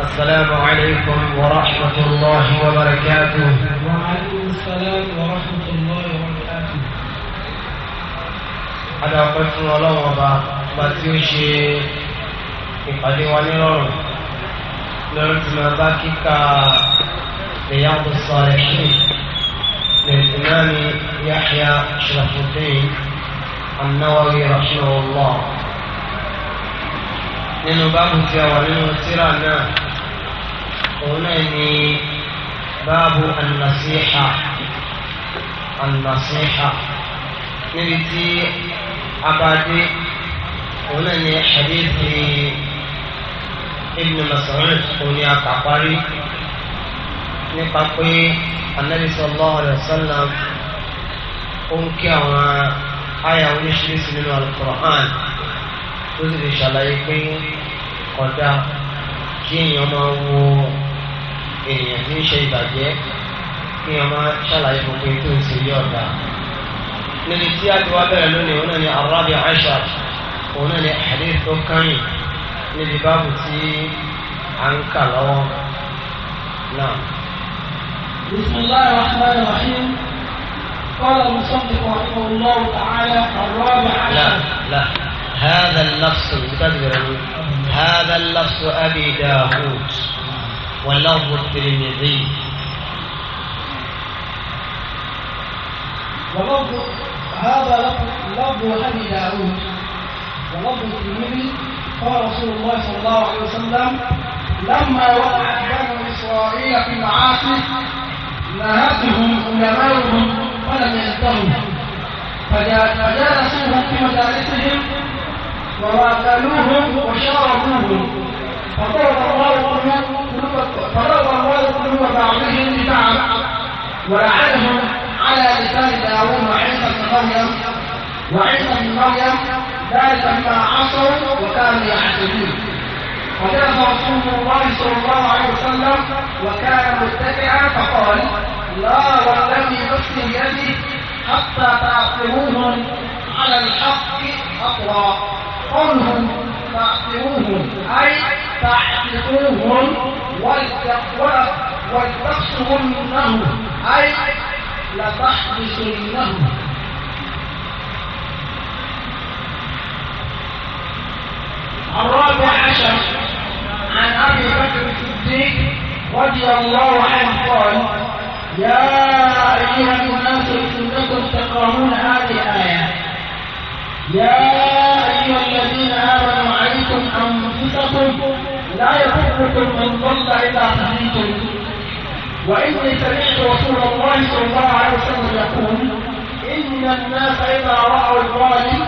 السلام عليكم ورحمة الله وبركاته وعليكم السلام ورحمة الله وبركاته هذا قلت الله وبا ما تيوشي ìpàdé wa ní rọrùn lọ́rùn tí máa bá kíkà Riyadus Salihin lẹ́tìmáàmì Yahya Sharafuddin An-Nawawi rahimahullah nínú báàbù tí a wà nínú tírà náà òun náà ni báàbù ànàṣíhà ànàṣíhà níbi tí abadé òun náà ni hadithi ibn Mas'ud òun ni akàparí nípa pé anabi sallallahu alayhi wa sallam ó ń kí àwọn àyà oníṣiríṣi nínú alukur'an ó sì lè ṣàlàyé pé kódà kí èèyàn máa wo. ènìyàn ní ṣe ìbàjẹ́ kí wọ́n máa ṣàlàyé gbogbo ètò ìṣèlú ọ̀dà níbi tí a ti wá bẹ̀rẹ̀ lónìí òun náà ni arabi aisha òun náà ni hadith tó kányìn níbi báàbù tí à ń kà lọ́wọ́ náà. بسم الله الرحمن الرحيم قال المصنف رحمه الله تعالى الرابع عشر لا لا هذا اللفظ هذا اللفظ ابي داوود واللفظ الترمذي ولفظ هذا لفظ أبي داود ولفظ الترمذي قال رسول الله صلى الله عليه وسلم لما وقعت بنو إسرائيل في المعاصي نهتهم علماؤهم فلم ينتهوا فجالسوهم في مجالسهم وواكلوهم وشاركوهم فضرب الله فروى الرجل وبعضهم ببعض ولعنهم على لسان داوود وعيسى بن مريم وعيسى بن مريم ذلك بما عصوا وكانوا يعتدون فجاء رسول الله صلى الله عليه وسلم وكان متبعا فقال لا والذي نفسي بيدي حتى تعقبوهم على الحق أقوى قلهم فاعقروهم أي فاعتقوهم ولتحبسنهم أي لتحبسنهم الرابع عشر عن أبي بكر الصديق رضي الله عنه قال يا أيها الناس إنكم تقرؤون هذه الآية يا أيها الذين آمنوا أنفسكم لا يضركم من ضل إذا هديتم وإني سمعت رسول الله صلى الله عليه وسلم يقول إن الناس إذا رأوا الظالم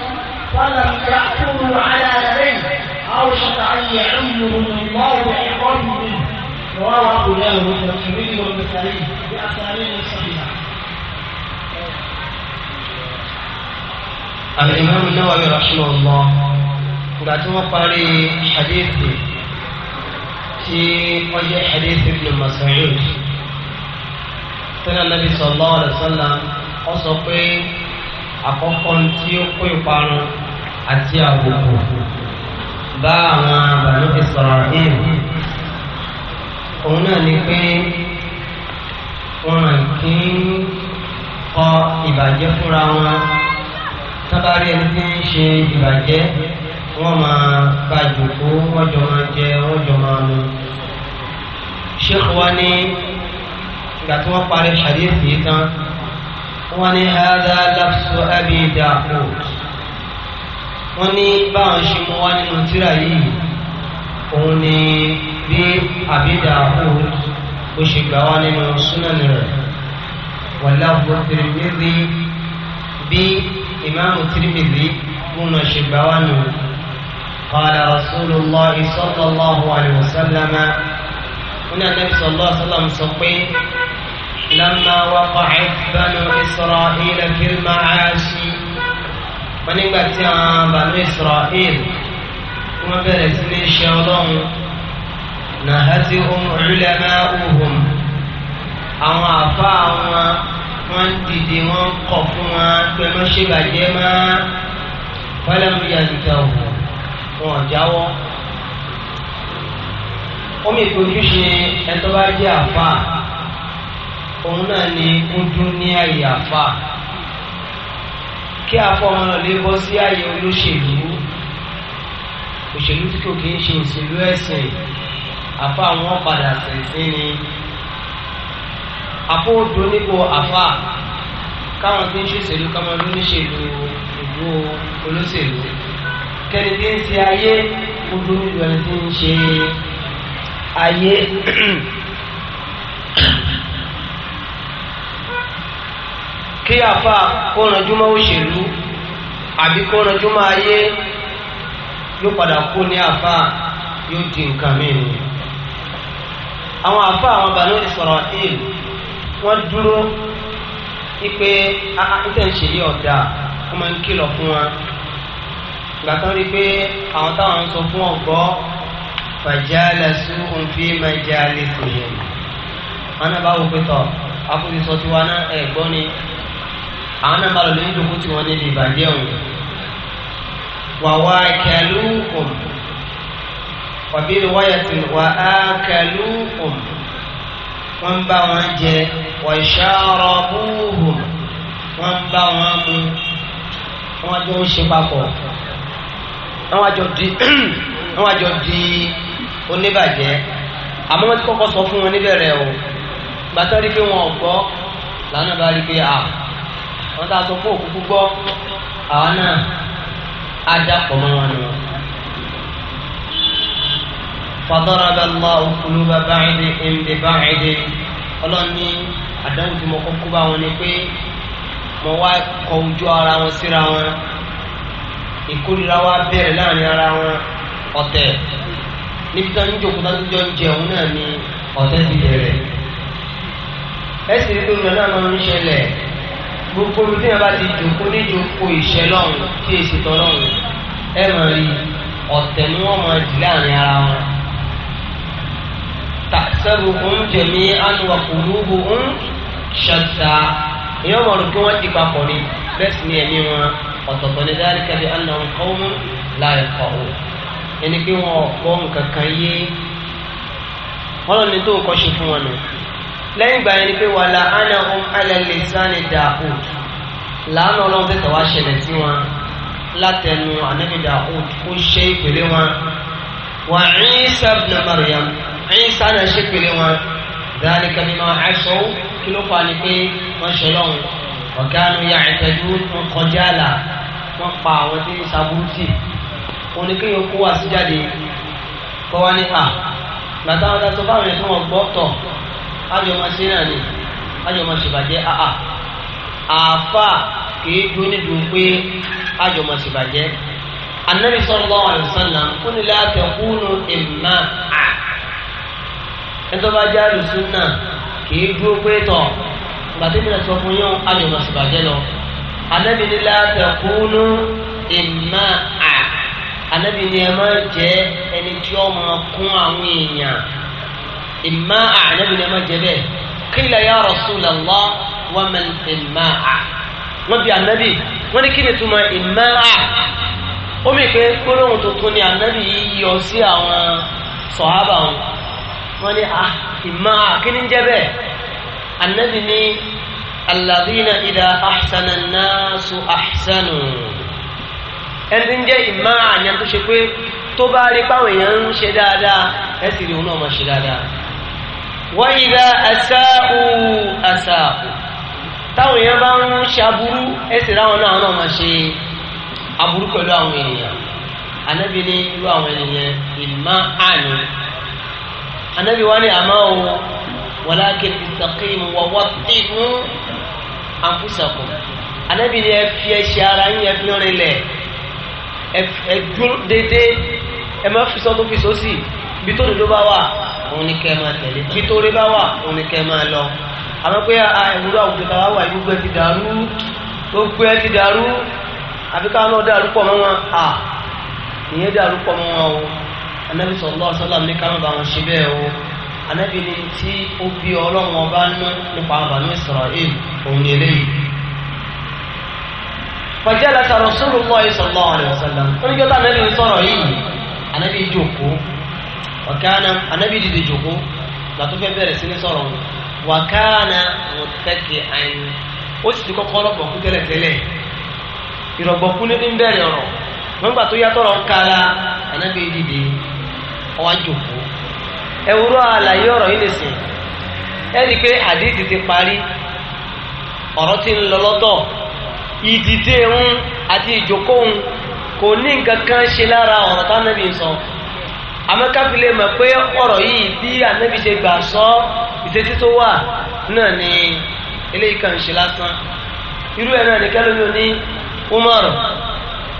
فلم يأخذوا على يديه أوشك أن يعمهم الله بعقاب منه رواه أبو داود والترمذي والنسائي بأسانيد صحيحة الإمام النووي رحمه الله ìgbà tí wọ́n parí hadithi tí wọ́n jẹ́ hadithi ibn Mas'ud tẹ́lẹ̀ nàbí sallallahu alaihi wasallam ọ sọ pé àkọ́kọ́ tí ó kó ìparun àti àbùkù bá àwọn Banu Isra'il òun náà ni pé wọn kì í kọ ìbàjẹ́ fúnra wọn tábàárí ẹni tí ń ṣe ìbàjẹ́ wọ́n máa bá jòkó wọ́n jọ máa jẹ wọ́n jọ máa mu. sheikh wa ní ìgbà tí wọ́n parí hadith yìí tán wọ́n ní hadha lafsu abi da'ud wọ́n ní báwọn ṣe mú wá nínú tírà yìí òun ni bí abi da'ud ó ṣe gbà wá nínú sunan rẹ̀ wàlá Tirmidhi bí ìmáàmù Tirmidhi múnà ṣe gbà wá nínú. قال رسول الله صلى الله عليه وسلم هنا النبي صلى الله عليه وسلم سقين لما وقعت بنو إسرائيل في المعاشي wọ́n nígbà tí àwọn bànú Israel wọ́n bẹ̀rẹ̀ sí ní ṣe ọlọ́run nàhátì ohun ìrìlẹ̀mẹ́ ohun àwọn àfa àwọn wọ́n dìde wọ́n kọ̀ fún wọn pé wọ́n ṣe bàjẹ́ máa wọ́n lẹ́nu yàtọ̀ wọ́n wọn jáwọ́ omi ìfojúṣe ẹtọ́ bá jẹ́ àfa òun náà ni kúndú ní àyè àfa kí afọ ọmọ lè bọ́ sí àyè olóṣèlú òṣèlú tí kò kí ń ṣe òṣèlú ẹ̀sìn àfa wọn padà sẹ̀sìn ni àpò odò nípò àfa káwọn tí ń ṣe òṣèlú káwọn ló ní ṣèlú ìlú olóṣèlú kẹ́ni tí ń ṣe ayé gbogbo nílùú ẹni tí ń ṣe ayé. kí afa kóranjú máa òṣèlú àbí kóranjú máa yé yóò padà kú ní afa yóò di nǹkan mìíràn àwọn afa àwọn bàánú Isra'il wọ́n dúró ipe ìtẹ̀síyí ọ̀dà wọ́n máa ń kìlọ̀ fún wa gbàtọ́ rí pé àwọn táwọn ń sọ fún ọ̀gbọ́ fàjálẹ̀sù òǹfi mẹjálẹ̀ kòyè wọn náà bá wò pé tọ̀ akúnisọ tiwa náà ẹ̀ gbọ́ ni àwọn náà bá lọ lóyún dòkú tí wọ́n níbi ìbàjẹ́ òun wàwá kẹlú òun wàbí wáyà tì wà á kẹlú òun wọ́n bá wọn jẹ wàṣàrọ̀ búhùn wọ́n bá wọn mu wọ́n jọ ń ṣe papọ̀ àwọn àjọ di àwọn àjọ di oníbàjẹ́ àmọ́ wọ́n ti kọ́kọ́ sọ fún wọn níbẹ̀rẹ̀ o gbàtọ́ rí pé wọn ò gbọ́ lànà bá rí pé à wọ́n tá a sọ fún òkúkú gbọ́ àwọn náà á dàpọ̀ mọ́ wọn nù. فضرب الله قلوب بعض ببعض ọlọ́ni àdánwò tí mo kọ́kọ́ bá wọn ni pé mo wá kọ ojú ara wọn síra wọn ìkórira wa bẹ̀rẹ̀ láàrin ara wọn ọ̀tẹ̀ níbi tí wọ́n ń jòkó láti jọ ń jẹun náà ni ọ̀tẹ̀ ti bẹ̀rẹ̀ ẹ̀sìn tó lọ náà máa ń ṣẹlẹ̀ gbogbo ibi tí wọ́n bá ti jòkó ní ìjòkó ìṣẹ́lọ́run tí èsì tọ́lọ́run ẹ̀ máa rí ọ̀tẹ̀ ni wọ́n máa jì láàrin ara wọn tàṣẹ́rù ń jẹ̀mí ànúwàkùnrin ń ṣàtà èèyàn mọ̀ rò pé wọ́n ti papọ̀ ni bẹ́ẹ̀ sì ni ẹ̀mí wọn ọ̀tọ̀ọ̀tọ̀ ní dáríkà bí anáwọn kọ́wọ́ láì kọ̀wọ́ ẹni pé wọn ọ̀pọ̀ nǹkan kan yé ọlọ́ni tó nǹkan ṣe fún wọn nù lẹ́yìn ìgbà yẹn ni pé wàhálà ana ohun alẹ́lẹ́ sani dààkù làánà ọlọ́run fẹ́ tẹ̀wá ṣẹlẹ̀ sí wọn látẹnu ànábì dààkù ó ṣe ìpèlè wọn wà Ìsá ibn Maryam Ìsá náà ṣe ìpèlè wọn dáríkà bí wọn àṣọ kí ló fà ní pé wọ́n ṣe lọ́hùn ọ̀gáàánú ya ìtẹ́jú wọn kọjá àlà wọ́n pa àwọn tí ń ṣàbúrú tì wọn ni kéèyàn kó wá sí jáde kọ́ wá ní à gbàtà wọn dáa tó báwọn yẹn tó wọn gbọ́ tọ̀ ájọ máa ṣe náà ni ájọ máa ṣèbàjẹ́ àà àáfà kìí dún ní dùn pé ájọ máa ṣèbàjẹ́ anabi sallallahu alaihi wasallam kúnilá tẹkúnù ìmá à ẹtọ́ bá jáde sunna kìí dúró pé tọ̀ bàtẹ́mi náà sọ fún yóò ayò máa ṣèbàjẹ́ lọ. anábì ní látẹ̀kúnú ìmọ̀ à anábì ní ẹ máa jẹ́ ẹni tí ó máa kún àwọn èèyàn ìmọ̀ à anábì ní ẹ máa jẹ́ bẹ́ẹ̀ qila ya Rasulallah wa mal ìmọ̀ à wọ́n bí anábì wọ́n ní kí ni túmọ̀ ìmọ̀ à ó mì pé gbólóhùn tuntun ni anábì yìí yọ sí àwọn sọ̀hábà wọn ní ìmọ̀ ah, à kí ni ń jẹ́ bẹ́ẹ̀ anabi ní aladina idà ahsana naasu ahsanu ẹni jẹ́ ìmá àyàn tó ṣe pé tó bá rí páwọn èèyàn ń ṣe dáadáa ẹ sì rí òun náà máa ṣe dáadáa wa idà asáù asáù táwọn èèyàn bá ń ṣaburú ẹ sì ráwọn náà náà máa ṣe aburú pẹ̀lú àwọn èèyàn anabi ní irú àwọn ènìyàn ìmá àná anabi wá ní àmọ́ o walakin istaqimu wa watti'u anfusakum anabi ni ẹ fi ẹsẹ̀ ara yín ẹ fi rìn lẹ̀ ẹ dúró dédé ẹ má fi sọ́tún fi sósì bí tó dodo bá wà òun ni kẹ́ ẹ máa tẹ̀lé bí tó rí bá wà òun ni kẹ́ ẹ máa lọ àmọ́ pé ẹ̀wúrọ̀ àwùjọ tàwa wà gbogbo ẹ ti dàrú gbogbo ẹ ti dàrú àbí káwọn náà dàrú pọ̀ sallallahu alaihi wasallam ní káwọn bá wọn ṣe anabi ni tí ó bí ọlọ́run ọba nú nípa àbànú Israel òun eléyìí. فجلس رسول الله صلى الله عليه وسلم wọ́n jọ́ta anabi ń sọ̀rọ̀ yìí anabi jòkó wàkánà anabi dìde jòkó làtó fẹ́ bẹ̀rẹ̀ sí ní sọ̀rọ̀ wàkánà mọ̀tẹ́kì àyìn ó sì ti kọ́kọ́ lọ́gbọ̀kú tẹ́lẹ̀tẹ́lẹ̀ ìrọ̀gbọ̀kú ní bẹ̀rẹ̀ ń kára anabi dìde ó ẹwúrọ́ àlàyé ọ̀rọ̀ yìí nìsín ẹni pé àdìsí ti parí ọ̀rọ̀ ti ń lọ lọ́tọ̀ ìdìde ń àti ìjókòó ń kò ní nǹkan kan ṣe lára ọ̀rọ̀ tánàbí sọ àmọ́ káfílẹ̀ mọ̀ pé ọ̀rọ̀ yìí bí ànábì ṣe gbà sọ ìṣesí tó wà náà ni eléyìí kan ṣe lásán irú ẹ̀ náà ni kẹ́lómi ò ní Umar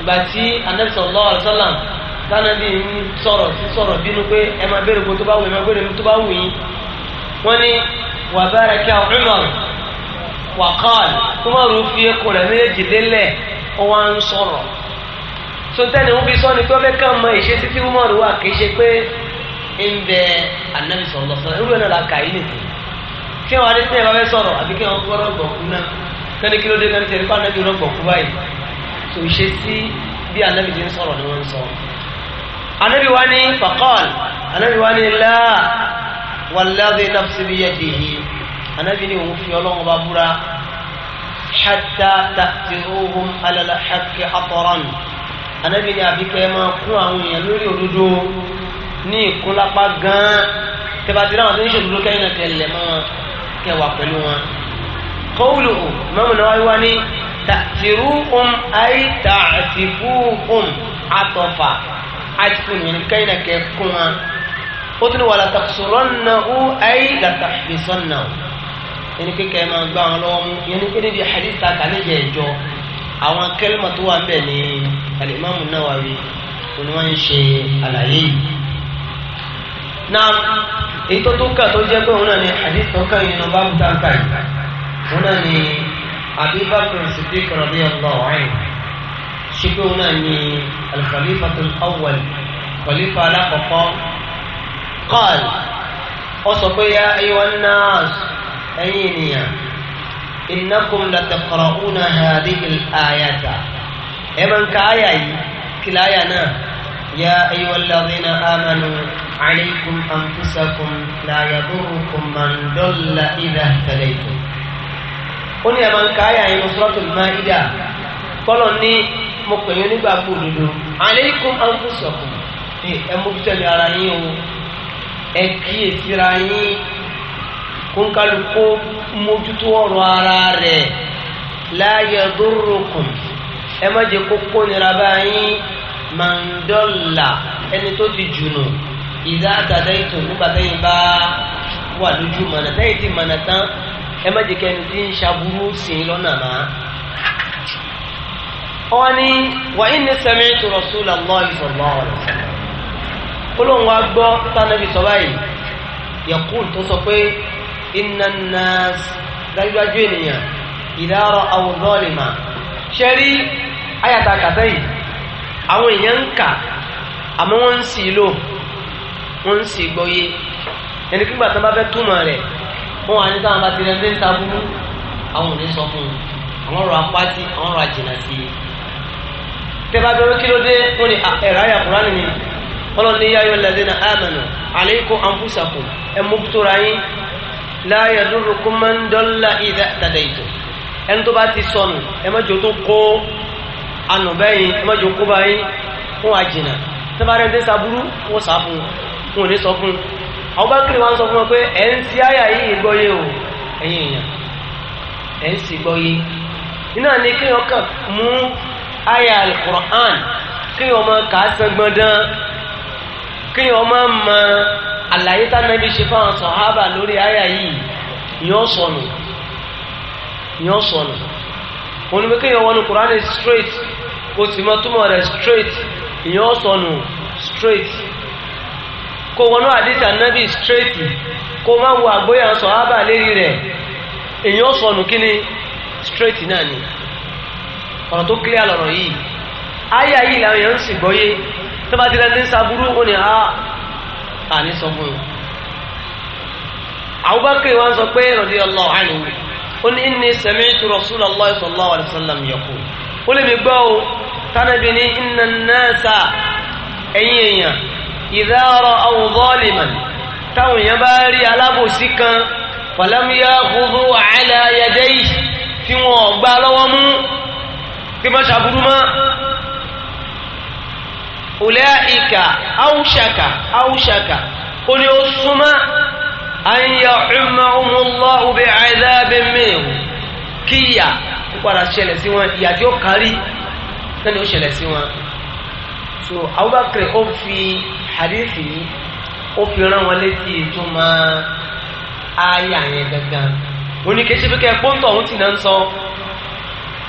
ìgbà ànábì sallallahu alaihi wasallam tánàbí ń sọ̀rọ̀ sọ̀rọ̀ bínú pé ẹ máa bẹ̀rẹ̀ kó tó bá wù yín máa bẹ̀rẹ̀ tó bá wù yín wọ́n ní wà bára kí àwọn wà kọ́ọ̀lù tó máa rò fi ẹkọ rẹ̀ lélẹ̀ ó wá ń sọ̀rọ̀ sọtẹ́ni wọ́n fi sọ ni pé ọbẹ̀ ká mọ ìṣe títí Umar wà kì í ṣe pé ń bẹ anabi sọ̀rọ̀ irú ẹ̀ náà anabi wa ni fakọ́l anabi wa ni láà wàlláhi nafsi bi yadihi anabi ni òun fi ọlọ́run bá búra hatta ta'tiruhum alala hakki hatoran anabi ni àbíkẹ́ máa kún àwọn èèyàn lórí òdodo ní ìkúnlápá gan tẹ́bàtì náà tó ń ṣèlú lókè náà tẹ̀lé mọ́ kẹwàá pẹ̀lú wọn qawluhu mọ́mù náà wá ní tàtìrúhùn ay tàtìfúhùn àtọ̀fà àtìfún yìí kẹ́yìn náà kẹ́ kún wa ó tún wà látàkùsọ̀rọ̀nàhù ay látàkùsọ̀nàhù yẹni pé kẹ́yìn máa gbá wọn lọ́wọ́ mú yẹni pé níbi hadith ta kàlẹ́ jẹ́ ìjọ àwọn kẹ́lìmọ̀ tó wà ń bẹ̀ ní alimami Nawawi ni wọ́n ń ṣe àlàyé yìí. èyí tó tó kà tó jẹ́ pé òun náà ni hadith tó kàn yìí ní ọba mú yìí. òun náà ni abubakar siddiq radiyallahu anhu ṣípé òun náà ni al-khalifatul awwal khalifa alákọ̀ọ́kọ́ qal ó sọ pé ya ayyuhan nas ẹ̀yin ènìyàn innakum lataqra'una hadhihi al-ayata ẹ̀ máa ń ka àyà yìí kìlá àyà náà. يا أيها الذين آمنوا عليكم أنفسكم لا يضركم من ضل إذا اهتديتم ó ní ẹ̀ma nǹka ayà yìí Suratul Maida kọ́lọ̀ ní mo pè yín nígbà kú òdodo alaykum anfusakum ẹ mójútẹ́lẹ̀ ara yín o ẹ kíyèsíra yín kó ń kálukó mójútó ọ̀rọ̀ ara rẹ̀ la yadurrukum ẹ má jẹ́ kó kó nira bá yín mandọ́là ẹni tó ti jùnù ìdá àtàdá ètò nígbà tẹ́yìn bá wà lójú mọ̀nà tẹ́yìn ti mọ̀nà tán ẹ má jẹ́ kẹ́ni tí ń ṣaburú sí i lọ́nà má. wọ́n ní wà inni sami'tu Rasulullahi sallallahu alaihi wasallam. olóhùn wa gbọ́ tánàbí sọ báyìí yaqul tó sọ pé inna an-nas dájúdájú ènìyàn idha ra'aw zalima. ṣẹ́rí ayàtà kàtẹ́yìn àwọn èèyàn ń kà àmọ́ wọ́n ń sì lò wọ́n ń sì gbọ́yé ẹni kí gbàtàn bá fẹ́ túmọ̀ rẹ̀ fún wa ní sáwọn bá ti rẹ ní ta burú àwọn ò ní sọ fún un àwọn ọ̀rọ̀ apáti àwọn ọ̀rọ̀ àjìnà sí i. tẹ́lá bẹ́rẹ̀ kí ló dé wọ́n ní ẹ̀rọ ayé àkùrán ni wọ́n ní yáyọ lẹ́dẹ́ na amanu alaykum anfusakum ẹ̀ mú tóra yín la yadurrukum man dalla idha tadaytum ẹni tó bá ti sọnù ẹ má tó kó anùbẹ́yìn ẹ má kó báyìí fún àjìnà tẹ́lá bẹ́rẹ̀ àwọn bá kiri wọn sọ fún wọn pé ẹ̀ ń ti àyà yìí gbọ́yé o ẹ̀yin èèyàn ẹ̀ ń sì gbọ́yé iná ni kí wọn kàn mú àyà alukur'an kí wọn máa kà á sẹgbọndán kí wọn máa mọ àlàyé tánàbí ṣe fáwọn sọ̀hábà lórí àyà yìí yọ sọnù yọ sọnù òun bí kéèyàn wọnú kuraani straight kò sì mọ túmọ̀ rẹ̀ straight yọ sọnù straight. kó wọnú àdìsí ànábì straight kó má wo àgbóyà sọ ábà lérí rẹ̀ èyàn sọnù kí ni straight náà ni ọ̀rọ̀ tó clear lọ̀rọ̀ yìí ayé ayé làwọn èèyàn sì gbọ́yé tó bá ti ní ó ní ah, a ní sọ fún un Abubakar wa ń sọ pé ó ní alaihi ó lè mi gbọ́ o tánàbí ní ẹ̀yìn ìdárọ̀ àwọn zaliman táwọn èèyàn bá rí alábòsí kan fọlámíyá gbogbo àìlà ayẹyẹ yìí tí wọn gbá lọ́wọ́ mú kí wọ́n ṣàbúrú mọ́ ulaika awṣaka awṣaka ó ní ó súnmọ́ an ya'ummahumullahu bi'adhabin minhu kíyà ó so Abubakar ó fi hadithi yìí ó fi rán wọn létí ìtumọ̀ ayé àyẹn gangan òun ni kéṣe pé kẹ́ ẹ pọ́ńtọ̀ òun ti náà ń sọ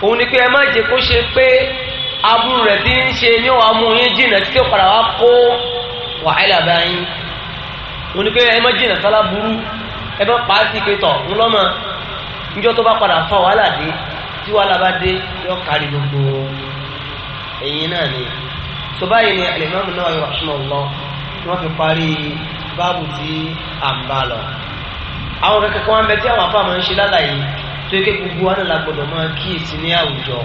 òun ni pé ẹ má jẹ kó ṣe pé aburú rẹ̀ ti ń ṣe ní wàá mú yín jìnnà tí ó padà wá kó wàhálà bá yín òun ni pé ẹ má jìnnà sálá burú ẹ bá pa á sí pé tọ̀ ńlọ́mọ níjọ́ tó bá padà fọ wàhálà dé tí wàhálà bá dé yọ kárí gbogbo ẹ̀yin náà ni tó báyìí ni alimami Nawawi rahimahullah ni wọ́n fi parí báàbù tí à ń bá lọ. àwọn kankan kan wọn bẹ tí àwọn afáàmù ń ṣe lálàyé tó yẹ kí gbogbo wọn la gbọ́dọ̀ máa kíyèsí ní àwùjọ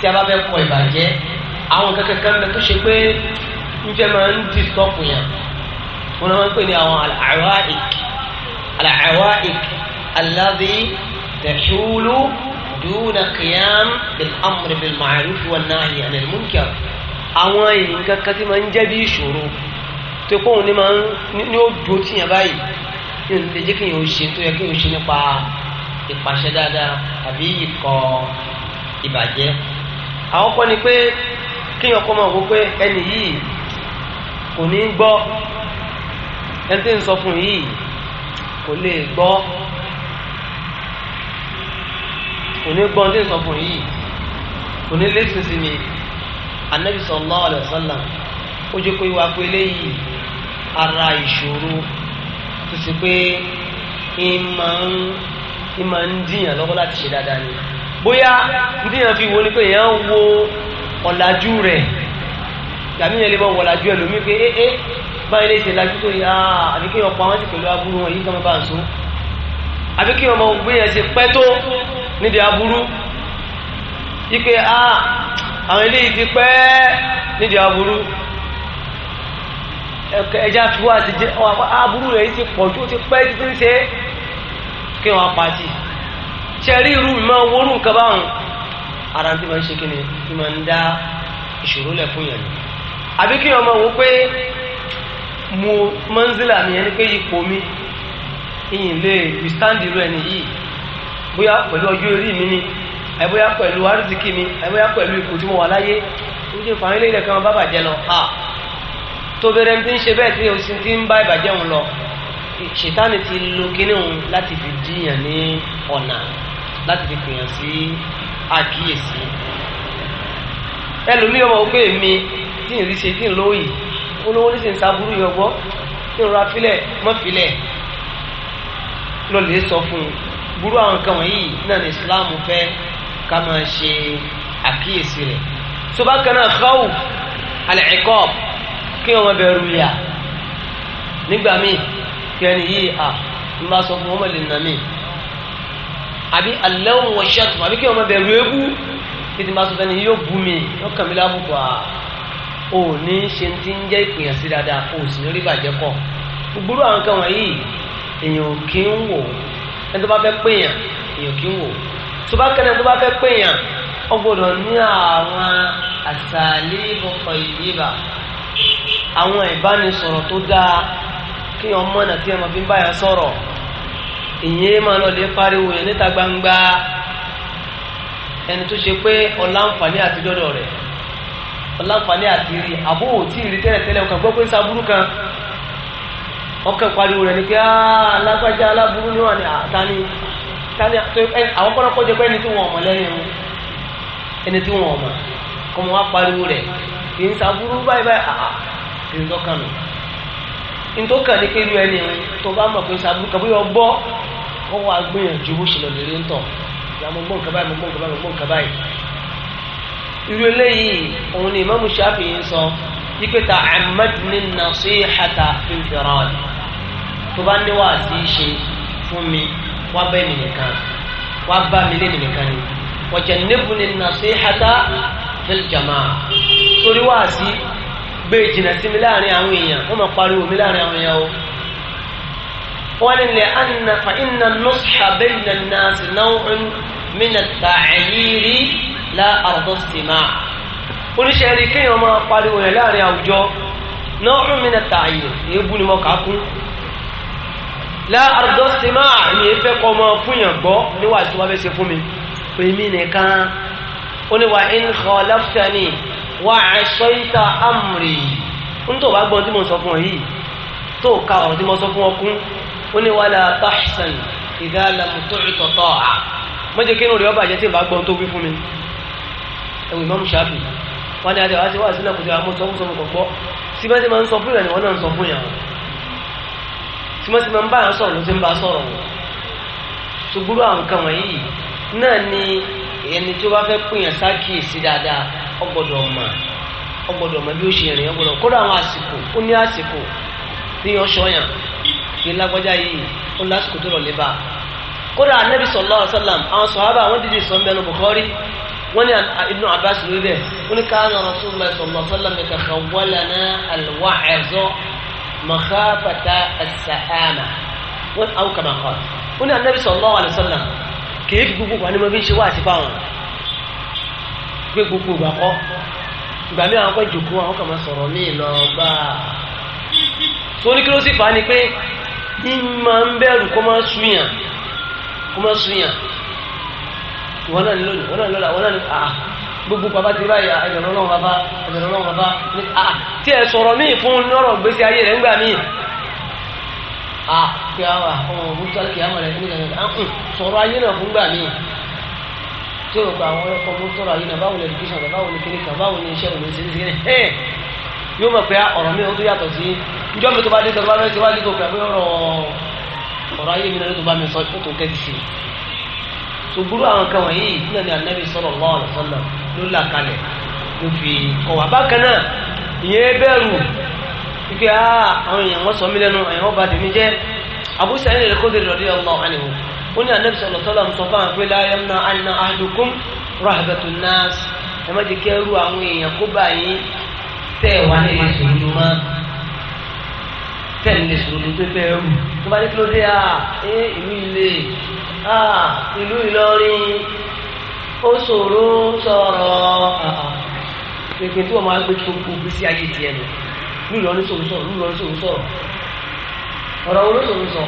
tí a bá fẹ́ kọ ìbàjẹ́ àwọn kankan bẹ tó ṣe pé ń jẹ́ máa ń di sọ́ọ̀pù yẹn wọn máa ń pè ní àwọn al-awa'ik al-awa'ik alladhi tahulu duna qiyam bil amri bil ma'ruf wan nahyi anil munkar àwọn nǹkan kan tí máa ń jẹ́ bí ìṣòro tó kó òun ní máa ń ní ó dúró tì yàn báyìí ní òun lè jẹ́ kí yàn ó ṣe tó yẹ kí yàn ó ṣe nípa ìpàṣẹ dáadáa àbí ìkọ̀ ìbàjẹ́ àwọn ni pé kí yàn kọ́ máa wọ pé ẹni yìí kò ní gbọ́ ẹni tí ń sọ fún yìí kò lè gbọ́ kò ní gbọ́ ẹni tí ń sọ fún yìí kò ní lè sùn mi anabi sallallahu alayhi wa sallam ó jẹ́ pé wá pé eléyìí ara ìṣòro tó ṣe pé ìmọ̀ ń dìyàn lọ́wọ́ láti ṣe dáadáa ni bóyá dìyàn fi wo ni pé èèyàn ń wo ọ̀làjú rẹ̀ tàbí yẹn lè bọ́ wọ̀làjú ẹ̀ lómi pé ee eh, eh, báyìí lè ṣe lajú tó yẹ ah, àbí kí wọ́n pa wọ́n sì pẹ̀lú aburú wọn yìí kí wọ́n bá so àbí kí wọ́n mọ gbé yẹn ṣe pẹ́ tó nídìí aburú yìí pé ah, àwọn eléyìí iti pẹ́ nídìí aburú ẹja tí ti jẹ́ aburú rẹ̀ ti pọ̀ ti pẹ́ ju ń ṣe kí wọ́n pàtì ṣẹ́rí irú nǹkan ara tí máa ṣe kí ni tí máa ń dá ìṣòro lẹ̀ fún yẹn àbí kí wọ́n pé mo mi yẹn ni pé ipò mi ìyìn lè withstand irú ẹni bóyá pẹ̀lú ọjọ́ orí mi àìbóyá pẹ̀lú arúzikí mi àìbóyá pẹ̀lú ipò tí mo wà láyé ó jẹ́ ìfàwọn eléyìí kan bá bàjẹ́ lọ ha tó bẹ̀rẹ̀ ti ń ṣe bẹ́ẹ̀ tí o sì ti ń bá ìbàjẹ́ òun lọ ṣètánì ti lo kíní òun láti fi díyàn ní ọ̀nà láti fi pèèyàn sí àkíyèsí ẹlòmíì ọmọ ògbé mi tí n rí ṣe tí n lówó yìí olówó ní sì ń sábúrú yọ gbọ́ tí n ra filẹ̀ mọ́ lọ́ọ́ lè sọ fún un burú àwọn nǹkan wọ̀nyí náà ní Islam fẹ́ẹ́ ká máa ṣe àkíyèsí rẹ̀ tó bá kan náà xaw alẹ́kọ́ kí wọ́n bẹ̀rù yà nígbà míì kí ẹni yìí à ń bá sọ fún ọmọ lè nà míì àbí alẹ́wọ̀n wọ ṣẹ́tù àbí kí wọ́n bẹ̀rù ewu kí ti máa sọ fẹ́ni yóò bú mi yóò kàn mí lábùkù à ò ní ṣe ti ń jẹ́ ìpìyàn sí dáadáa kò sì ní rí kọ́ gbogbo àwọn kan wọ̀nyí èèyàn kì í wò ẹni tó bá fẹ́ pèèyàn èèyàn kì í wò tó bá kẹ́lẹ́ tó bá fẹ́ pè yàn ó gbọ́dọ̀ ní àwọn àṣàlẹ́ ìbọ̀kọ̀ ìyíbà àwọn ìbánisọ̀rọ̀ tó dáa kí wọ́n mọ̀nà tí wọ́n fi ń báyà sọ̀rọ̀ ìyẹn máa lọ lè pariwo yẹn níta gbangba ẹni tó ṣe pé ọ̀làǹfààní àti dọ́dọ̀ rẹ̀ ọ̀làǹfààní àti rí iri tí tere tẹ́lẹ̀tẹ́lẹ̀ ọkàn gbọ́ pé ń kan ọkàn pariwo ni pé alágbájá aláburú ni tani àwọn kọ́nà kọjọ pé ẹni tí wọn ọmọ lẹ́yìn o ẹni tí wọn ọmọ kọmọ wa pariwo rẹ kì í sàbúrú báyìí báyìí àhà kì í tọ́ka nù ntọ́ka ni pé irú ẹni tó bá mọ̀ pé sàbúrú kàbí yọ bọ́ wọ́n wá gbìyànjú bó ṣe lọ lórí ń tọ̀ ìyá mo gbọ́ nǹkan báyìí mo gbọ́ nǹkan báyìí mo gbọ́ nǹkan báyìí irú eléyìí òun ni Imam Shafi'i ń sọ yípe ta amadni nasihata fi fẹ́ràn tó bá níwá sí ṣe fún mi wá bẹ́ mi nìkan wá bá mi lé mi nìkan ni wa jannibni nasihata fil jamaa torí wá sí gbé jìnnà sí mi láàrin àwọn èèyàn wọ́n máa pariwo mi láàrin àwọn èèyàn o wọ́n ní lè anna fa inna nusha bayna an-nas naw'un min at-ta'yiri la arda as-simaa oníṣẹ́ rí kéèyàn máa pariwo yẹn láàrin àwùjọ naw'un min at-ta'yiri èébú ni mo kà láàrùdọ́ sí máa ní ẹfẹ́ kọ mọ́ fúnyàn gbọ́ níwà tí wọ́n fẹ́ ṣe fún mi èmi nìkan ó ní wà ń kọ́ lọ́fẹ́ni wà aṣọ ìta amri ń tó bá gbọ́n tí mo sọ fún ọ yìí tó ka ọ̀rọ̀ tí mo sọ fún ọkún ó ní wàlá tahsan idha lam tu'ta ta'a mọ́jẹ́ kí inú rẹ̀ ọba àjẹsí ìbá gbọ́n tó wí fún mi ẹ̀wù Imam Shafi wọn ni adé wá sí wá sí náà kò sí àmọ́ sọ́kùsọ́kù kọ̀ gbọ́ síbẹ̀ tí máa ń sọ fún ìrẹ̀ ni wọ́n náà ń sọ fún yàrá tìmọ́tìmọ́ ń bá yàn sọ̀rọ̀ ló ti ń bá sọ̀rọ̀ wọn ṣùgbúrú àwọn nǹkan wọ̀nyí náà ni ẹni tí ó bá fẹ́ pèèyàn sákìyèsí dáadáa ó gbọ́dọ̀ mọ̀ ó gbọ́dọ̀ mọ̀ bí ó ṣe rìn ó gbọ́dọ̀ kódà àwọn àsìkò ó ní àsìkò ní ọṣọyàn ní lágbájá yìí ó lásìkò tó rọlẹ́ bá kódà anabi sallallahu alaihi àwọn sọ̀hábà àwọn dídì sọ mẹ́nu Bukhari wọ́n ní Ibn Abbas lórí bẹ́ẹ̀ wọ́n ní káwọn Rasulullah sallallahu alaihi wasallam makhafata as-sahama wọn aw kama kọ wọn ni anabi sallallahu alaihi wasallam kìí fi gbogbo wa ni mo fi ń ṣe wá àti fáwọn gbé gbogbo wa kọ ìgbà mi àwọn kọ jòkó àwọn kà máa sọ̀rọ̀ mí lọ bá a tó ní kí fà á ni pé ní máa ń bẹ̀rù kó máa súnyàn kó máa súnyàn wọn náà ní lónìí wọn náà ní lọ́la wọn náà ní àá gbogbo bàbá ti báyìí ah, ẹ̀dọ̀rọ̀ lọ́wọ́ bàbá ẹ̀dọ̀rọ̀ lọ́wọ́ bàbá ní à ah, tí ẹ sọ̀rọ̀ míì fún lọ́rọ̀ gbèsè ayé rẹ̀ ńgbà míì à ah, kí a wà ọmọ òwúrọ̀ kí a mọ̀ rẹ̀ nígbà míì à ń sọ̀rọ̀ ayé náà fún gbà míì tí o gba àwọn ọkọ̀ mú sọ̀rọ̀ ayé náà báwo ni education rẹ̀ báwo ni kíní kan báwo ni iṣẹ́ òun ṣe ń ṣe ẹ̀ yóò mọ̀ pé ọ̀rọ̀ mi ò tó yàtọ̀ sí ìjọ mi tó bá dé tó bá dé tó bá dé tó pẹ̀lú ṣùgbúrú àwọn kan wọ̀nyí ìdílé ní anabi sallallahu alaihi wasallam ló là kalẹ̀ ló fi kọ̀ wá bákan náà ìyẹn bẹ̀rù ike aa àwọn èèyàn wọ́n sọ mí lẹ́nu àyàn ọba tèmi jẹ́ Abu Sa'id al-Khudri radiyallahu anhu ó ní anabi sallallahu alaihi wasallam sọ fáwọn pé la yamna anna ahadukum rahbatun nas ẹ má jẹ́ kẹ́rù àwọn èèyàn kó báyìí tẹ́ ẹ̀ ní ìṣòro kẹ́ni ní sòròdò tó fẹ́ rù tó bá dé kí ló dé à ẹ ìlú ilé à ìlú Ìlọrin ó ṣòro sọ̀rọ̀ pèpè tí wọ́n máa gbé gbogbo gbèsè ayé tiẹ̀ nù lùlọ ní sòrò sọ̀rọ̀ lùlọ ní sòrò sọ̀rọ̀ ọ̀rọ̀ wo ló sòrò sọ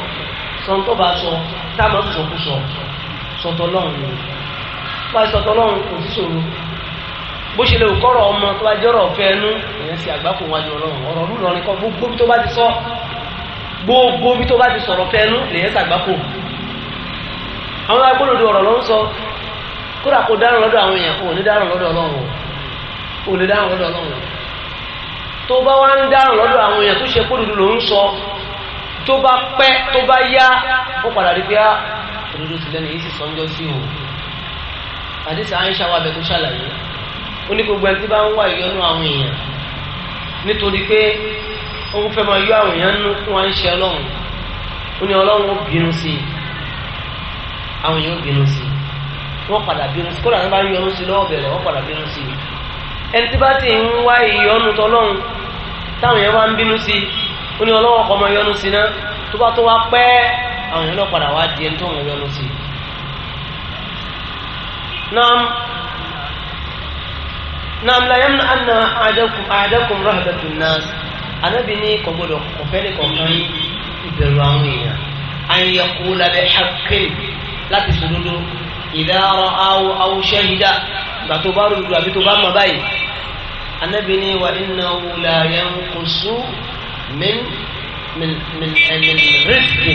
sọ̀ntọ́ bá sọ táwọn sọ̀ kú sọ sọ̀tọ̀ lọ́run ni wọ́n sọ̀tọ̀ lọ́run kò sí sòrò bó ṣe lè kọ́rọ̀ ọmọ tó bá jọ́rọ̀ fẹ́ẹ́nu ìyẹn sì àgbákò wájú ọlọ́run ọ̀rọ̀ lùlọ ní kọ́ gbogbo tó bá ti sọ gbogbo bí tó bá ti sọ̀rọ̀ fẹ́nu lèyẹ́ sàgbákò àwọn agbódòdó ọ̀rọ̀ ló ń sọ kódà kó dáràn lọ́dọ̀ àwọn èèyàn ò ní dáràn lọ́dọ̀ ọlọ́run ò ní dáràn lọ́dọ̀ ọlọ́run tó bá wá ń dáràn lọ́dọ̀ àwọn èèyàn tó ṣe kódòdó ló ń sọ tó bá pẹ́ tó bá yá ó padà rí pé á ah, òdodo ti lẹ́nu yìí sì sọ́njọ́ sí o àdìsí àyíṣà wa bẹ̀ tó ṣàlàyé ó ní gbogbo ẹni tí bá ń wá ìyọnu àwọn èèyàn nítorí pé ó fẹ́ máa yọ àwọn èèyàn nú tí O ń ṣe ọlọ́run ó ní ọlọ́run ó bínú sí i àwọn èèyàn ó bínú sí i wọ́n padà bínú sí i kódà nígbà yọ ọ́nú sí lọ́wọ́ bẹ̀rẹ̀ wọ́n padà bínú sí i ẹni tí bá ti ń wá ìyọnu tọ́lọ́run táwọn èèyàn bá ń bínú sí i ó ní ọlọ́run ọkọ̀ máa yọnu sí i náà tó bá tó anábì ní kò gbọdọ̀ kọfẹ́ ní kọ̀ọ̀kan yín ìbẹ̀rù àwọn èèyàn àyẹ̀kú labẹ́ haqqin láti sòdodo ìdá ọ̀rọ̀ awo awo ṣẹ́hídà ìgbà tó bá rúdu àbí tó bá mọ̀ báyìí anábì ní wà nínú wùlà yẹn kò sùn min min min min rìsìkì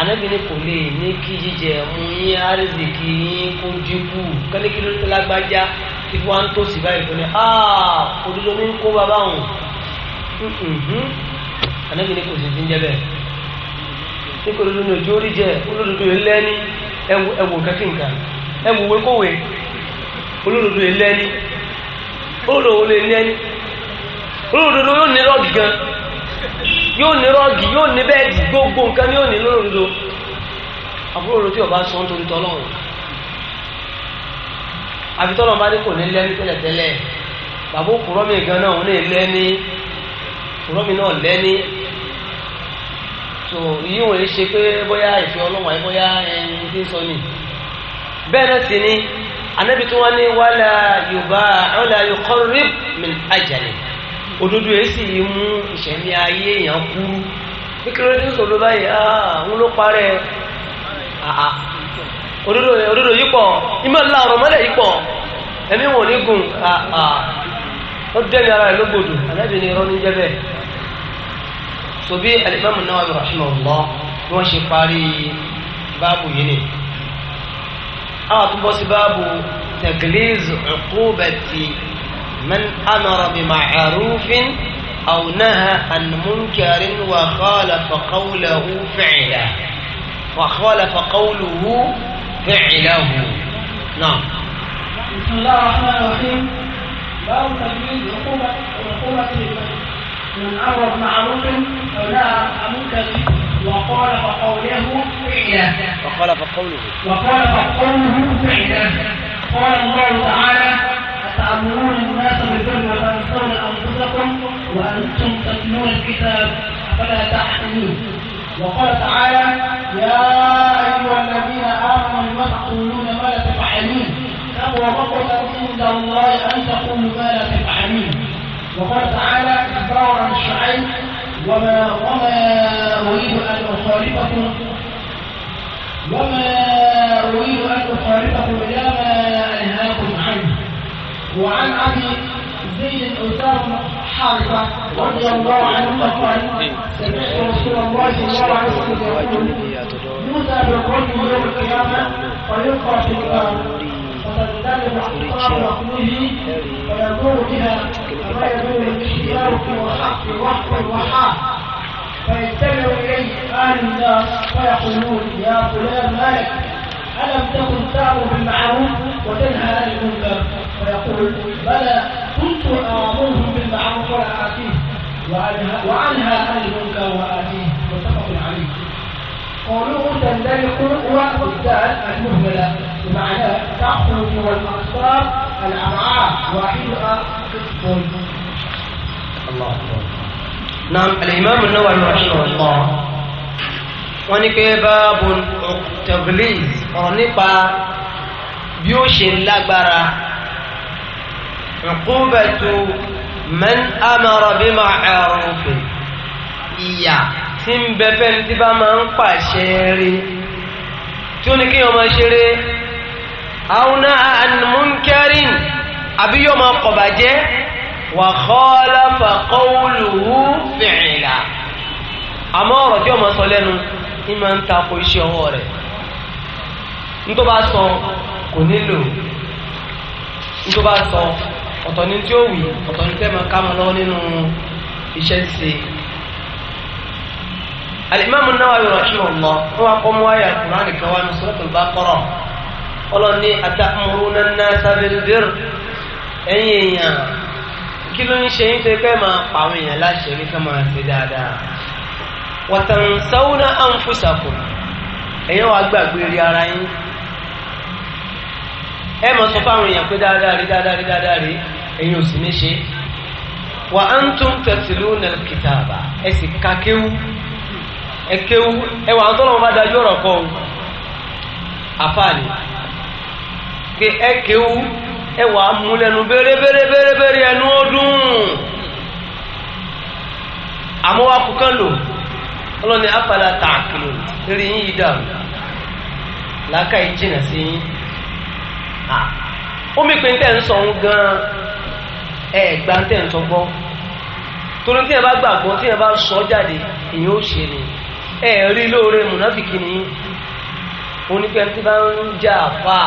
anábì ní kò lè ní kí jíjẹ mú yín àrísìkì yín kó dínkù kálíkì lórí lágbájá tí wọ́n á ń tó sì báyìí fún mi ah òdodo mi ń kó bàbá òun. Mhm. anabi ni kò sì ti ń jẹ bẹ́ẹ̀ nítorí lónìí ojú orí jẹ olódodo ẹlẹ́ni ẹwù kẹ́kìnkà ẹwù wékòwé olódodo ẹlẹ́ni olódodo ẹlẹ́ni olódodo yóò ní rọ́ọ̀gì gan yóò ní gbogbo nǹkan yóò ní lódodo àbúrò tí ọba sọ ń torí tọ́lọ́run àfi tọ́lọ́run bá dé kò ní lẹ́ni tẹ́lẹ̀tẹ́lẹ̀ bàbá ṣùgbọ́n mi náà lẹ́ni so yìí wọ́n ṣe pé bóyá ìfẹ́ ọlọ́wọ́ ayé bóyá ẹni tí ń sọ ni bẹ́ẹ̀ náà sì ni anabi tí wọ́n ní wàhálà yorùbá ọ̀là yòókọ́rì mi àjàlẹ̀ òdodo yìí sì mú ìṣẹ̀mí ayé èèyàn kúrú bí kí ló dé sọ̀rọ̀ báyìí àwọn ah, ló parẹ́ ah, ah. òdodo yìí pọ̀ ìmọ̀ ńlá ọ̀rọ̀ mọ́lẹ̀ yìí pọ̀ ẹ̀mí wọn ò ní gùn الدنيا لا يلبده أنا بنيران جبه صبي الإمام النووي رحمه الله هو شفاري بابو يني أعطوا بس بابو تقليز عقوبة من أمر بمعروف أو نهى عن منكر وخالف قوله فعله وخالف قوله فعله نعم بسم الله الرحمن الرحيم باب تجويز عقوبة عقوبة من أمر معروف أو نهى عن منكر وقال فقوله فعلا وقال فقوله وقال فقوله فعلا قال الله تعالى أتأمرون الناس بالبر وتنسون أنفسكم وأنتم تتلون الكتاب فلا تحكمون وقال تعالى يا أيها الذين آمنوا لم تقولون ما لا تفعلون ومقت عند الله أن تقولوا ما لا وقال تعالى إخبار عن شعيب وما وما أريد أن أخالفكم وما أريد أن أخالفكم إلا ما أنهاكم عنه وعن أبي زيد أسامة حارثة رضي الله عنه قال سمعت رسول الله صلى الله عليه وسلم يقول موسى بالرجل يوم القيامة فيلقى في النار الأخطار مقبوله بها ما يدور الاشتراك وحق وحاق فيجتمع إليه أهل النار فيقولون يا فلان مالك ألم تكن تأمر بالمعروف وتنهى عن المنكر فيقول بلى كنت آمرهم بالمعروف ولا آتيه وعنها عن المنكر وآتيه متفق عليه قوله تندلق هو المهمله بمعنى تخرج والأصاب الأمعاء وحيدها قسط الله أكبر نعم الإمام النووي رحمه الله wọ́n ní pé báàbù tẹ̀blìs ọ̀rọ̀ nípa bí ó ṣe lágbára ìkúbẹ̀tù man amara bí ma'rufi ìyà tí ń bẹ fẹ́ni tí bá máa ń pàṣẹ rí tí ó ní kí wọ́n máa ṣeré àwọnà ànmúnkẹ́rin àbí yóò máa kọ̀ bàjẹ́ wà kọ́ọ́lá fàkọ́wùlùwù fìlà àmọ́ ọ̀rọ̀ tí ó máa sọ lẹ́nu ní máa ń takò iṣẹ́ ọwọ́ rẹ̀ nítorí bá sọ kò nílò nítorí bá sọ ọ̀tọ̀ ni tí ó wì ọ̀tọ̀ ni tẹ́ máa ká máa lọ́wọ́ nínú iṣẹ́ ṣe. Al-Imam An-Nawawi rahimahullah wọn wá kọ́ mú àyà Kùránì Suratul Baqarah ọlọ́run ní àtàkùnrún náà sábẹ́lbẹ́rù ẹ̀yìn èèyàn kí ló ń ṣe yín tó fẹ́ máa pa àwọn èèyàn láṣẹ ní ká máa ṣe dáadáa wàtàǹsáwùnà àǹfùsàkù èèyàn wàá gbàgbé rí ara yín ẹ máa sọ fáwọn èèyàn pé dáadáa rí dáadáa rí dáadáa rí èèyàn ò sì ní ṣe wà á ń tún tẹ̀sílú nà kìtàbà ẹ sì ka kéwú ẹ kéwú ẹ wà á tọ́lọ́mọba dájú ọ̀rọ̀ kọ́ àfáàní. ke ekewu ewa mulenu bere bere bere bere enu ọdun amowa kukan lo ọlọni afala taakiri eri yin yi dam laaka yi si yin ha omi pe n tẹ n sọ gan ẹ gba n tẹ n sọ gbọ torí tí ẹ bá gbàgbọ tí ẹ bá sọ jáde ìyẹn ni ẹ rí lóore múnafìkì ni onífẹ́ntì bá ń jà fáà.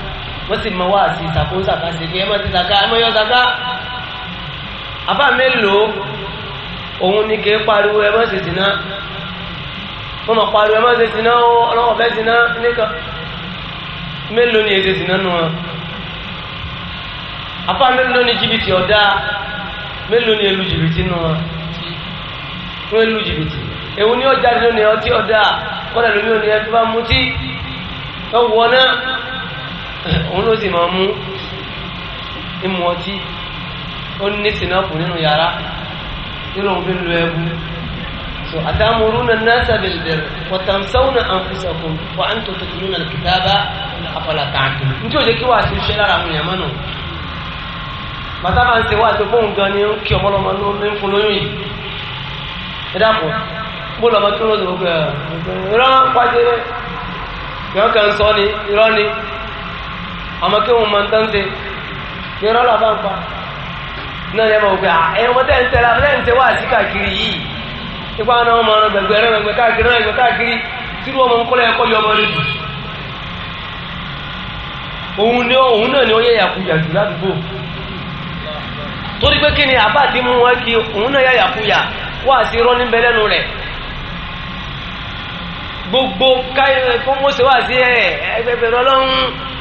wọ́n sì mọ wá àti ìtàkùnsà kan sí pé ẹ mọ́ ti sàká ẹ mọ́ yọ sàká àbá mélòó òun ni kì í pariwo ẹ mọ́ sì sìná wọ́n mọ̀ pariwo ẹ mọ́ sì sìná ó ọlọ́wọ́ fẹ́ sìná nìkan mélòó ni èsì sìná nù wọn àbá mélòó ni jìbìtì ọ̀dà mélòó ni elu jìbìtì nù wọn wọ́n elu jìbìtì èwo ni ọjà ni ọtí ọ̀dà kọ́lá lómi ò ní ẹ tó bá mutí ẹ wọ̀ náà. òun ló sì máa mú ìmú ọtí ó ní sinapu nínú yàrá nínú òun fi ń lo so nasa bil birri wa tansawna anfusakum wa antum tatluna al-kitaba afala ta'qilun ní tí jẹ́ kí wàá ti ṣe lára àwọn èèyàn mọ́nà tó fóun gan ni kí ọmọlọmọ ló ń fún lóyún yìí ẹ dàpọ̀ ni ọmọ kí wọn máa ń tán ṣe kí wọn lọ bá ń pa náà yẹn máa wò pé ẹ̀yin wọn tẹ̀ ń tẹ̀lé abẹ́rẹ́ ń tẹ̀ wá sí káàkiri yìí ipa náà wọn máa ń gbẹgbẹ rẹ gbẹgbẹ káàkiri náà gbẹgbẹ káàkiri tí wọn máa ń kọ́lẹ̀ ẹ̀kọ́ yọ ọmọ rẹ dùn. òun ni òun náà ni ó yẹ yàkuyà jù ládùúgbò torí pé kí ni àbá ti mú wọn kí òun náà yà yàkuyà wá sí irọ́ níbẹ̀ lẹ́nu rẹ̀ gbogbo káyọ̀ fún wá sí ẹ̀ ẹgbẹ̀rún ọlọ́run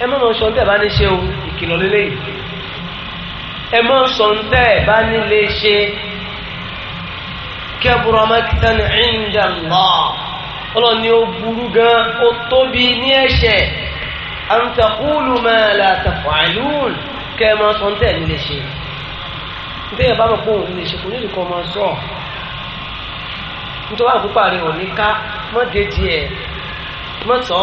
ẹ má máa sọ ní tẹ́ bá ní ṣe o ìkìlọ̀ lélẹ́yìí ẹ má sọ ní tẹ́ bá ní lè ṣe kẹ́bùrọ̀ mẹ́tẹ́ni ìndàlá ọlọ́run ni ó burú gan ó tóbi ní ẹ̀ṣẹ̀ àǹtakùlù máa la tàfàlùn kẹ́ ẹ máa sọ ní ní lè ṣe nítorí ẹ bá mọ̀ pé òun lè ṣe kò ní ìdíkọ̀ máa sọ nítorí àkókò àrẹ òní ká mọ́ déjì ẹ̀ mọ́ sọ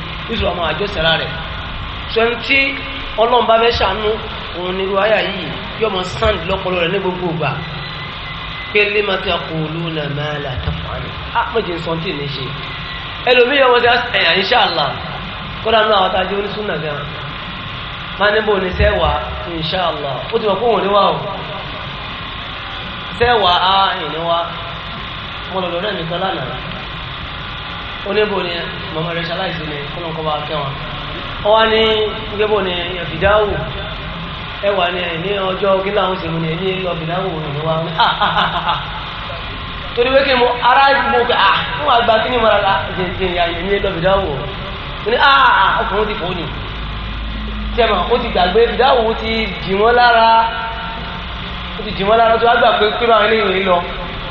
yóò sọ̀rọ̀ àwọn àjọsára rẹ̀ sọ̀rọ̀ tí ọlọ́run ṣàánú òun ni wáyà yìí yóò mọ sand lọ́pọ̀lọ́ rẹ̀ ní gbogbo ìgbà pé lima ta kò lù nà má la ta fà ní. a méjì sọ tí ní ṣe ẹlòmíì yóò wọ́n ti ẹ̀yà insha Allah kódà náà àwọn tájú oníṣúná gan máa ní bò ní sẹ́wàá insha Allah ó ti wọ́n kó wọn níwá o sẹ́wàá á ìníwá mo lọ lọ nìkan lánàá oníbo ni mọ̀mọ́ rẹ̀ ṣaláìsí ni kó ló ń kọ́ bá kẹwọn. ọwọ́ ní gbébò ni ẹ̀fìdáwò ẹwà ni ẹ̀ ní ọjọ́ gíga àwọn òṣèlú ni ẹ̀ ní ọ̀fìdáwò òyìnbó wa ní torí pé kí ni mo ara ah, mo kẹ́ à fún àgbà kí ni mo rà jìnyà yìí ní ọ̀fìdáwò ah, ní ah, ọkùnrin ti fò ní tẹ́mà ó ti gbàgbé ìdáwò ó ti dì wọ́n lára ó ti dì wọ́n lára tó wá gbà pé pé báwọn eléyìí lọ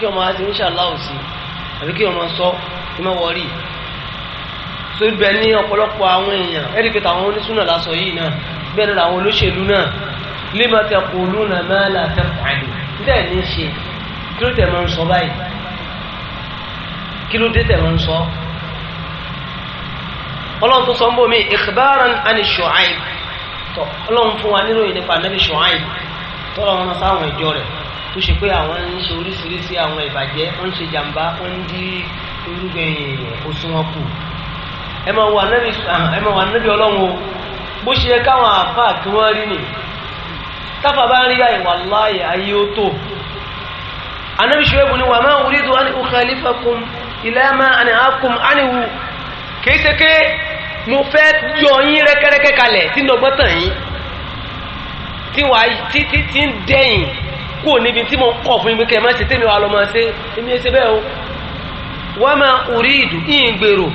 kí ọmọ àti inshallah òsì àbí kí ọmọ sọ kí má wọrí so ibẹ̀ ní ọ̀pọ̀lọpọ̀ àwọn èèyàn ẹ̀ríkẹ́ tàwọn onísùnà lásọ yìí náà bẹ́ẹ̀ ni àwọn olóṣèlú náà lima taquluna ma la taf'alu níta ẹ̀ ní ṣe kí ló tẹ̀ máa ń sọ báyìí kí ló dé tẹ̀ máa ń sọ. ọlọ́run tó sọ ń bò mí ikhbaran ani Shu'aib tọ́ ọlọ́run fún wa níròyìn nípa Nabi Shu'aib tọ́lọ́run náà sáwọn ìjọ rẹ̀ tó ṣe pé àwọn ń ṣe oríṣiríṣi àwọn ìbàjẹ́ wọ́n ń ṣe jàǹbá wọ́n ń dí irúgbìn òṣùwọ̀n kù ẹ máa wà nábì ọlọ́run o bó ṣe káwọn àfa kí wọ́n rí nì táfà bá ń rí báyìí wallahi ayé ó tó anábì ṣùgbọ́n ni wà máa ń wúrí tó wá ní ukhalifakum ila ma anhaakum anhu kìí ṣe ké mo fẹ́ yọ yín rẹ́kẹ́rẹ́kẹ́ kalẹ̀ tí ń dọgbọ́n tàn yín tí ń dẹ́yìn kúrò níbi tí mo ń kọ̀ fún ibi kẹ́ máa ṣe tèmi wà lọ́mọ ṣe èmi ṣe bẹ́ẹ̀ o wọ́n máa orí ìdù yìí gbèrò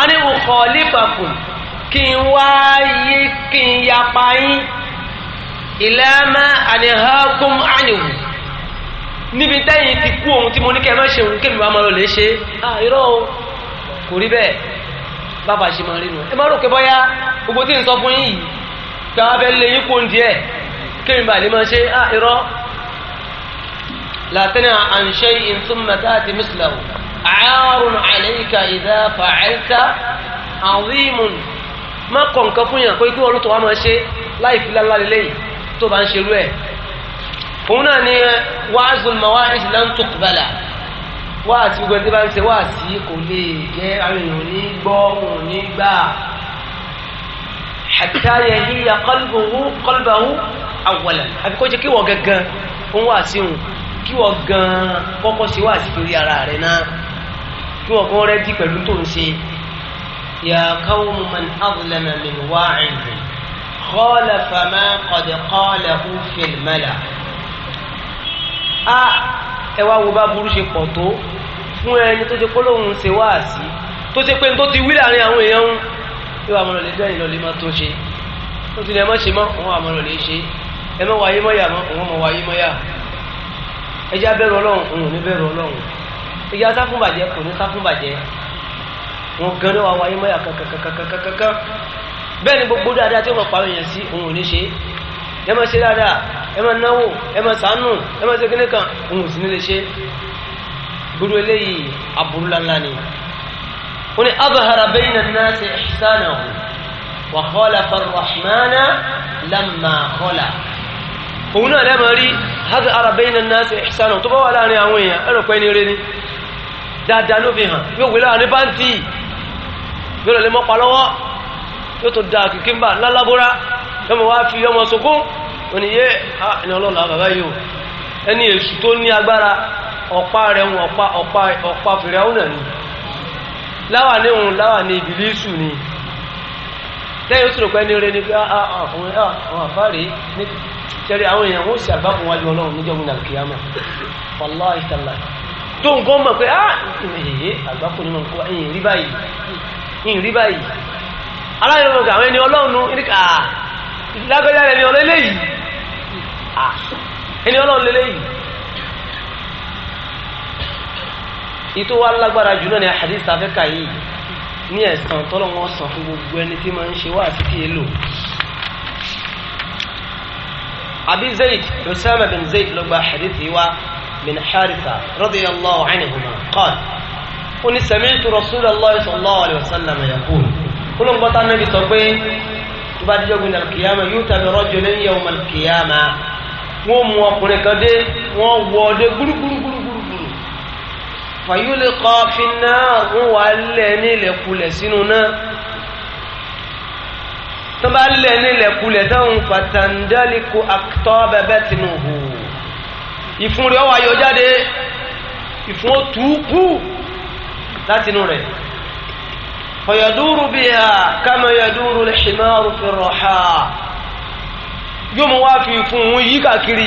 a ní ọkọ̀ lẹ́bàkùn kí n wá yé kí n yapa yín ìlànà àníhàkùn àníwò níbi tẹ́yìn ti kú ohun tí mo ní kẹ́ máa ṣe òun kémi wà máa lọ lè ṣe ah irọ́ o kò rí bẹ́ẹ̀ bàbá ṣe máa rí nu ẹ má rò pé gbogbo tí n sọ fún yín yìí gbà wá fẹ́ lé yín kó ń díẹ̀ kémi bà lè máa ṣe ah irọ́ لا تنع عن شيء ثم تأتي مثله عار عليك إذا فعلت عظيم má kọ̀ nǹkan fún yàn pé kí wọ́n ló tó wá máa ṣe láì fi lálá lélẹ́yìn tó bá ń ṣe rú ẹ̀ òun náà ni wa'zul mawa'iz lan tuqbala wáàsí gbogbo ẹni tí bá ń ṣe wáàsí kò lè jẹ́ àwọn èèyàn ní gbọ́ òun ní gbà hatta yahiya qalbuhu qalbahu awwalan àfi kó jẹ́ kí wọ́n gangan òun wáàsí òun kí wọ́n gan-an kọ́kọ́ ṣe wá àṣírí ara rẹ̀ náà kí wọ́n kọ́ rẹ́dí pẹ̀lú tó ń ṣe ya qawmi man adlama min wa'idin qala fama qad qalahu fil mala a ẹ wá wo bá burú ṣe pọ̀ tó fún ẹni tó ṣe pé lóun ṣe wá sí tó ṣe pé tó ti wí láàrin àwọn èèyàn ń yóò àmọ́ lọ́lẹ́ dẹ́yìn lọ́lẹ́ má tó ṣe ó ti lẹ́ mọ́ ṣe mọ́ òun àmọ́ lọ́lẹ́ ṣe ẹ mọ́ wáyé mọ́yà mọ́ òun mọ́ wáyé mọ́yà ẹjẹ abẹrù Ọlọ́run òun ò ní bẹ̀rù Ọlọ́run ẹjẹ asáfúnbàjẹ kò ní sáfúnbàjẹ wọn gan náà wà wáyé mọyà kankankankankankan bẹ́ẹ̀ ni gbogbo dáadáa tí wọn pa èèyàn sí òun ò ní ṣe ẹ máa ṣe dáadáa ẹ máa náwó ẹ máa sànù ẹ máa ṣe kíní kan òun ò sì ní lè ṣe gbogbo eléyìí aburú lánlá ni wọn ni abahara bẹyìn náà ṣe ṣáná wà kọ́lá farahmánà lámà kọ́lá òun náà lẹ́mọ̀ rí hadu arabayna nasi ihsana tó bá wà láàrin àwọn èèyàn ẹ̀rọ pẹ́ ní eré ní dáadáa ló fi hàn yóò wé láàrin báńtì yóò lè mọ́pa lọ́wọ́ yóò tó da kìkì ń bà lálábúrá yọmọ wá fi ọmọ sunkún òní yé ẹni ọlọ́la bàbá yìí o ẹni èṣù tó ní agbára ọ̀pá rẹ̀ ń ọ̀pá ọ̀pá fìrẹ́ ọ̀nà ni láwà ní òun láwà ní ìbílísù ni lẹ́yìn oṣù rògbẹ́ ní orin ni pé àwọn àfáàrí ní ṣẹ́rí àwọn èèyàn wọ́n ṣàgbá fún wájú ọlọ́run níjọ́ mi nàlùkì yàmà ọlọ́ ìtàlá tó ń gọ́ mọ̀ pé nínú nǹkan ẹ̀yìn rí báyìí ẹ̀yìn rí báyìí ní ẹ̀sán tọ́lọ́wọ́n sàn fún gbogbo ẹni tí máa ń ṣe wá àti tí èé lò. abi zayd usama bin zayd ló gba hadithi wa bin haritha radiyallahu anhuma qala oni sami'tu rasulallah sallallahu alayhi wa sallam yaqul kulongbata nabi sọ pé tó bá dijọ́ gbin alkiyama yóò tàbí rajulin yawm alkiyama wọ́n mú ọkùnrin kan dé wọ́n wọ́ ọ dé gbúrúgbúrúgbúrú fàyúlẹ̀ kọfí náà ń wà lẹ̀ ní ilẹ̀kulẹ̀ sínú náà tó bá lẹ̀ ní ilẹ̀kulẹ̀ táwọn pàtàndálíkù àtọ́ bẹ̀bẹ̀ tìǹbù ìfun rẹ̀ wà yọ jáde ìfun ó túkú látinú rẹ̀ fọ̀yọ̀dúrú bí i kama yọ̀dúrú lè ṣìmáàrù fi yóò mú wá fi ìfun yí kàkiri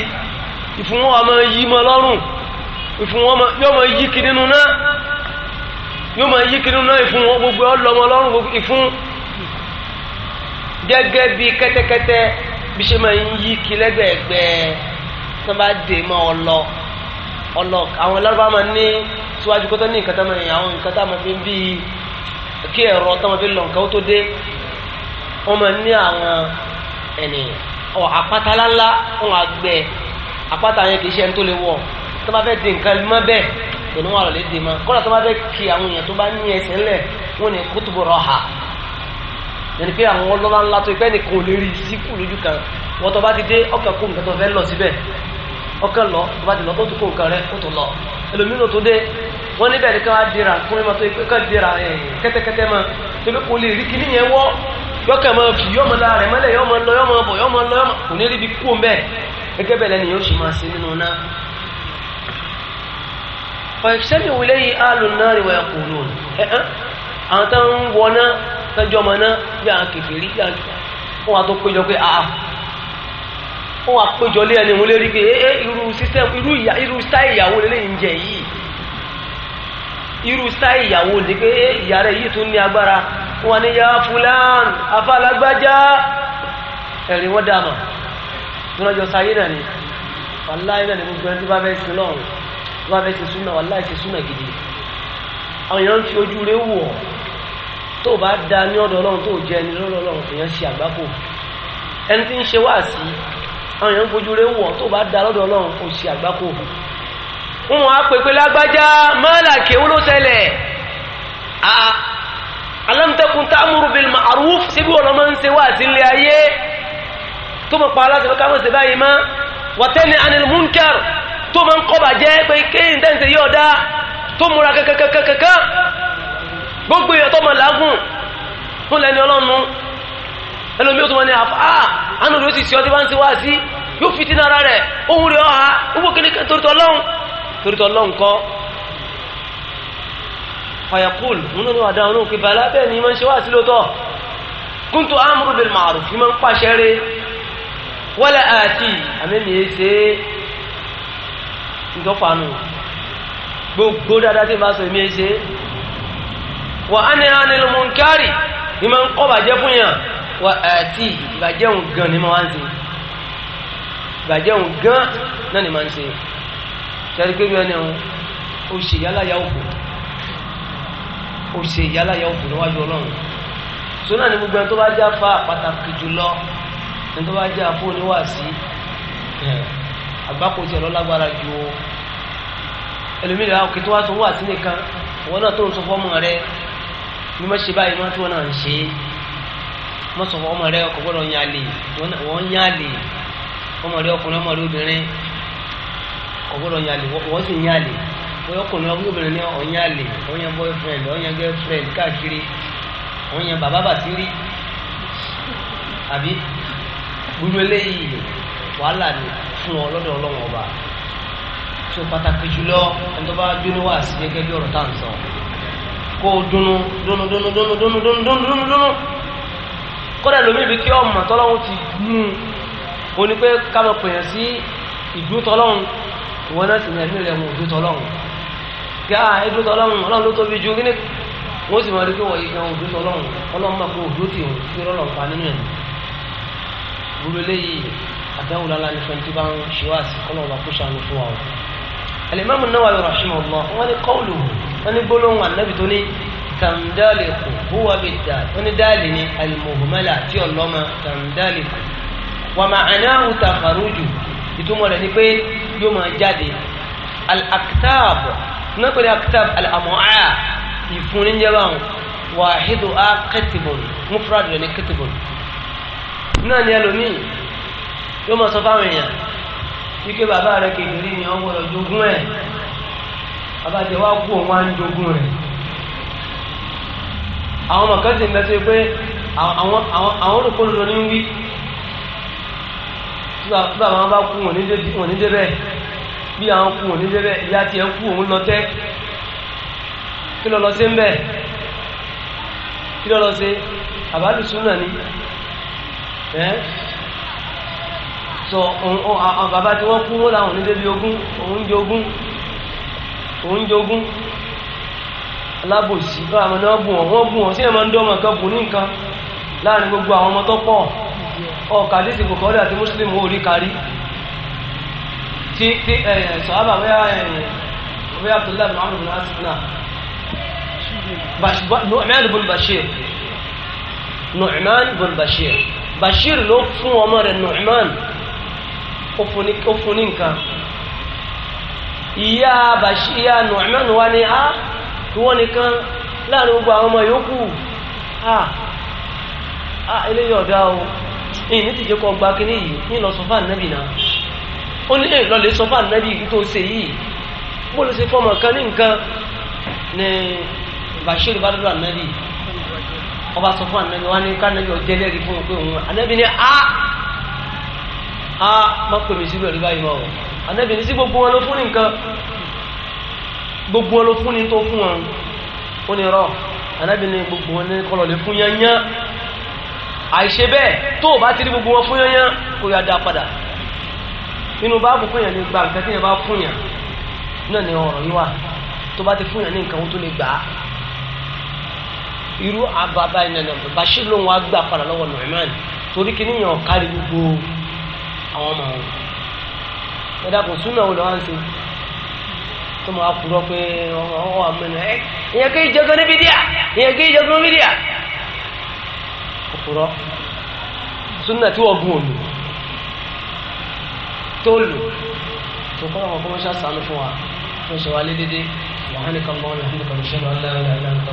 ìfun wọn máa yí mọ́ lọ́rùn ìfún wọn yóò máa yí kiri nínú náà yóò máa yí kiri nínú náà ìfún wọn gbogbo ọlọmọ ọlọ́run gbogbo ìfún gẹ́gẹ́ bíi kẹ́tẹ́kẹ́tẹ́ bí ṣe máa ń yí kiri lẹ́gbẹ̀ẹ́gbẹ́ tó bá dè mọ́ ọ lọ ọlọ àwọn lọ́rọ̀ máa ní síwájú kótó ní nǹkan tó máa ń àwọn nǹkan máa fi ń bíi kí ẹ̀rọ tó máa fi lọ nǹkan tó dé wọ́n máa ní àwọn ẹ̀nì ọ̀ àpáta ńláńlá wọn àgbẹ̀ àpáta yẹn kì í ṣe ẹni tó lè wọ̀ tó bá fẹ́ di nǹkan mọ́ bẹ́ẹ̀ tó ní wọn di mọ́ kọ́lá tó fẹ́ kí àwọn èèyàn tó bá ní ẹsẹ̀ ńlẹ̀ wọn ni kútùbù rọ̀hà yẹn pé àwọn ọlọ́lá ńlá tó ìpẹ́ nìkan ò lè rí síkù lójú kan wọ́n tó bá ti dé ọkàn kó nǹkan tó fẹ́ lọ síbẹ̀ ọkàn lọ tó bá ti lọ ó tún kó nǹkan rẹ ó tún lọ ẹlòmíràn tó dé wọ́n níbẹ̀ ní ká wá dira kún la rẹ̀ mọ́lẹ̀ yọ́ ma lọ yọ́ fàìṣẹ́bì wílé yìí alùn náà rí wọ́n kò lò ẹ̀hán àwọn tó ń wọná tọ́jọ́ ọmọ náà bí àwọn kèfèrí bí àwọn wà tó péjọ pé àà wọ́n wà péjọ lé ẹni wọ́n lé rí pé ee eh, eh, irú sísẹ́m irú ìyá irú sítáì ìyàwó lè ń jẹ yìí irú sítáì ìyàwó ni pé ee eh, ìyá rẹ̀ yìí tún ní agbára wọ́n wà ní ya fulan afálágbájá ẹ̀rí wọ́n dà mà lọ́jọ́ sáyé náà ni wàláyé náà ni gbogbo ẹni tó bá fẹ́ sin lọ́rùn tó bá fẹ́ ṣe súnà wà láì ṣe súnà gidi àwọn èèyàn ń fi ojú rẹ wọ̀ tó bá da ní ọ̀dọ̀ ọlọ́run tó jẹ́ ẹni lọ́dọ̀ ọlọ́run èèyàn ṣe àgbákò ẹni tí ń ṣe wáàsí àwọn èèyàn ń fojú rẹ wọ̀ tó bá da lọ́dọ̀ ọlọ́run kò ṣe àgbákò wọn á pè lágbájá mọ́là kéwú ló ṣẹlẹ̀ alámtẹ́kùn táàmùrù bil ma'ruf síbí wọn máa ń ṣe wáàsí ilé ayé tó mọ̀ pa aláṣẹ tó máa ń kọ́bà jẹ́ pé kéyìn tẹ́ǹsẹ̀ yóò dá tó múra kankankankan gbogbo èèyàn tó máa làágùn fún lẹ́ni ọlọ́nu ẹlòmí ó tún wọn ni àfà ánú rẹ̀ ó sì ṣe ọtí bá ń ṣe wá sí yóò fi tínú ara rẹ̀ ohun rẹ̀ ọ̀hà owó kíní kan torítọ̀ lọ́hùn torítọ̀ lọ́hùn kọ́ fàyàkùl múnú ní wàdá ọ̀nà òkè bàlá bẹ́ẹ̀ ni máa ń wá sí ìjọpanu gbogbo dáadáa tí n bá sọ èmi ẹ ṣe wà á ní anil munkari ni máa ń kọ́ bàjẹ́ fún yàn wà àti ìbàjẹ́ òun gan ni máa ń ṣe ìbàjẹ́ òun gan náà ni máa ń ṣe sẹ́ni pé bí ẹni ọ̀hún ó ṣe yálà yà òkú ó ṣe yálà yà òkú níwájú ọlọ́run sọ́nà ni gbogbo ẹni tó bá já fa pàtàkì jùlọ ẹni tó bá já fóònù wá àgbákojì ọlọ́lágbára ju ẹlòmíràn òkè tó wá tó wà sí nìkan wọn náà tó ń sọ fọ́mọ rẹ ní mọ́ ṣe báyìí mọ́ tí wọ́n náà ń ṣe mọ́ sọ fọ́mọ rẹ ọkọ̀ gbọ́dọ̀ yan àlè wọ́n yan àlè ọmọ rẹ ọkùnrin ọmọ rẹ obìnrin ọkọ̀ gbọ́dọ̀ yan àlè wọ́n sì yan àlè bóyá ọkùnrin ọmọ obìnrin ni ọ̀yan àlè ọ̀yan boyfriend ọ̀yan girlfriend káàkiri ọ̀yan bàbá bàtírí àbí gbogbo eléyìí ni fún ọ lọ́dọ̀ ọlọ́run ọba tó pàtàkì jùlọ ẹni tó bá dúró wá sí gẹ́gẹ́ bí ọ̀rọ̀ tá à ń sọ kó o dunu dunu dunu dunu dunu dunu dunu dunu dunu kódà lómi ibi kí ọmọ tọ́lọ́run ti mú un o ní pé ká lọ pèyàn sí ìdúró tọ́lọ́run ìwọ náà sì ní ẹ̀mí rẹ̀ mú ìdúró tọ́lọ́run kí á ìdúró tọ́lọ́run ọlọ́run ló tóbi ju kíní wọ́n sì máa rí pé wọ́n yí gan ìdúró tọ́lọ́run ọlọ́run máa kó òdúró tì òun kí ọlọ́run pa nínú ẹ̀ àdáwò lálá ní fẹ́ntì bá ń ṣe wá sí kọ́nà ọba kó ṣàánú fún wa o. Al-Imam An-Nawawi rahimahullah wọ́n ní kọ́ọ̀lù wọ́n ní gbólóhùn ànábì tó ní kàndáàlìkù huwa bid-dal wọ́n ní dáàlì ní al-muhmala tí ọlọ́mọ kàndáàlìkù. wa ma'anahu takharuju ìtumọ̀ rẹ̀ ni pé yóò máa jáde al náà pẹ̀lú aktab al ìfúnni jẹ́ náà ni ẹlòmíì yóò mọ̀ sọ fáwọn èèyàn wíkẹ́ bàbá rẹ̀ kékeré ni wọ́n gbọ́dọ̀ jogún ẹ̀ bàbá jẹ́ wá kú òun wá ń jogún rẹ̀ àwọn ọmọ kan sì ń bẹ́sẹ̀ pé àwọn olùkọ́ ló ní wí tí bàbá wọn bá kú wọn ní débẹ̀ bí àwọn kú wọn ní débẹ̀ ìyá tiẹ̀ kú òun lọ tẹ́ kí lọ lọ sí ń bẹ̀ kí lọ lọ sí àbálùsùn náà ni sọ àwọn bàbá tí wọ́n kú wọ́n làwọn onílé bí ogún òun jogún òun jogún alábòsí bá àwọn náà bù wọn wọ́n bù wọn sí ẹ̀mọ́ ń dọ́mọ̀ kan bù ní nǹkan láàrin gbogbo àwọn ọmọ tó pọ̀ ọkà dé ìsìnkú kọ́dà tí muslim ò rí kárí tí tí sọ̀hábà bóyá bóyá abdullahi bin amadu bin asina nu'man bin bashir nu'man bin bashir bashir ló fún ọmọ rẹ̀ nu'man ó fún ní nǹkan ìyá bàṣí ìyá nùmẹ́nu wa ni a ah, ìwọ nìkan láàrin gbogbo àwọn ọmọ yòókù a ah, a ah, eléyìí ọ̀dà o ní ní tìjẹ́ kọ́ gba kínní yìí ní lọ sọ fún ànábì náà ó ní lè lọ lè sọ fún ànábì tó ṣe yìí bó ló ṣe fọmọ kan ní nǹkan ní bàṣírí bá dúró ànábì ọba sọ fún ànábì ní ká ànábì ọjẹ́ lẹ́rìí fún un òun ànábì ní a a ma pè mí sí lórí báyìí mọ́ o ànábì ní sí gbogbo wọn ló fún ní nǹkan gbogbo wọn ló fún ní tó fún wọn ó ní rọ ànábì ní gbogbo wọn ní kọlọ̀ lè fún yányán àìṣe bẹ́ẹ̀ tó o bá ti rí gbogbo wọn fún yányán kó yá dá padà inú báàbù fún yàn ní gba nǹkan tí yàn bá fún yàn náà ni ọ̀rọ̀ yìí wà tó bá ti fún yàn ní nǹkan tó lè gbà irú àbàbà ìnànà bàbá ṣì lóun wá gbà padà lọ́wọ́ Nu'man torí kí níyàn kárí gbogbo àwọn ọmọ wọn ẹ dákun súnà wo lọ wá ń ṣe tó máa kúrọ pé ọmọ àmọ́nà ẹ ìyẹn kí ìjọgbọ́n níbi díà ìyẹn kí ìjọgbọ́n níbi díà kúrọ súnà tí wọ́n gún òlù tó lù tó kọ́ ọmọ kọ́mọ́ṣá sànú fún wa fún ṣe wa lé dédé wàhánìkan bọ́ọ̀lù hànìkan ṣẹlẹ̀ ọ̀lẹ́rìn àìlànà tó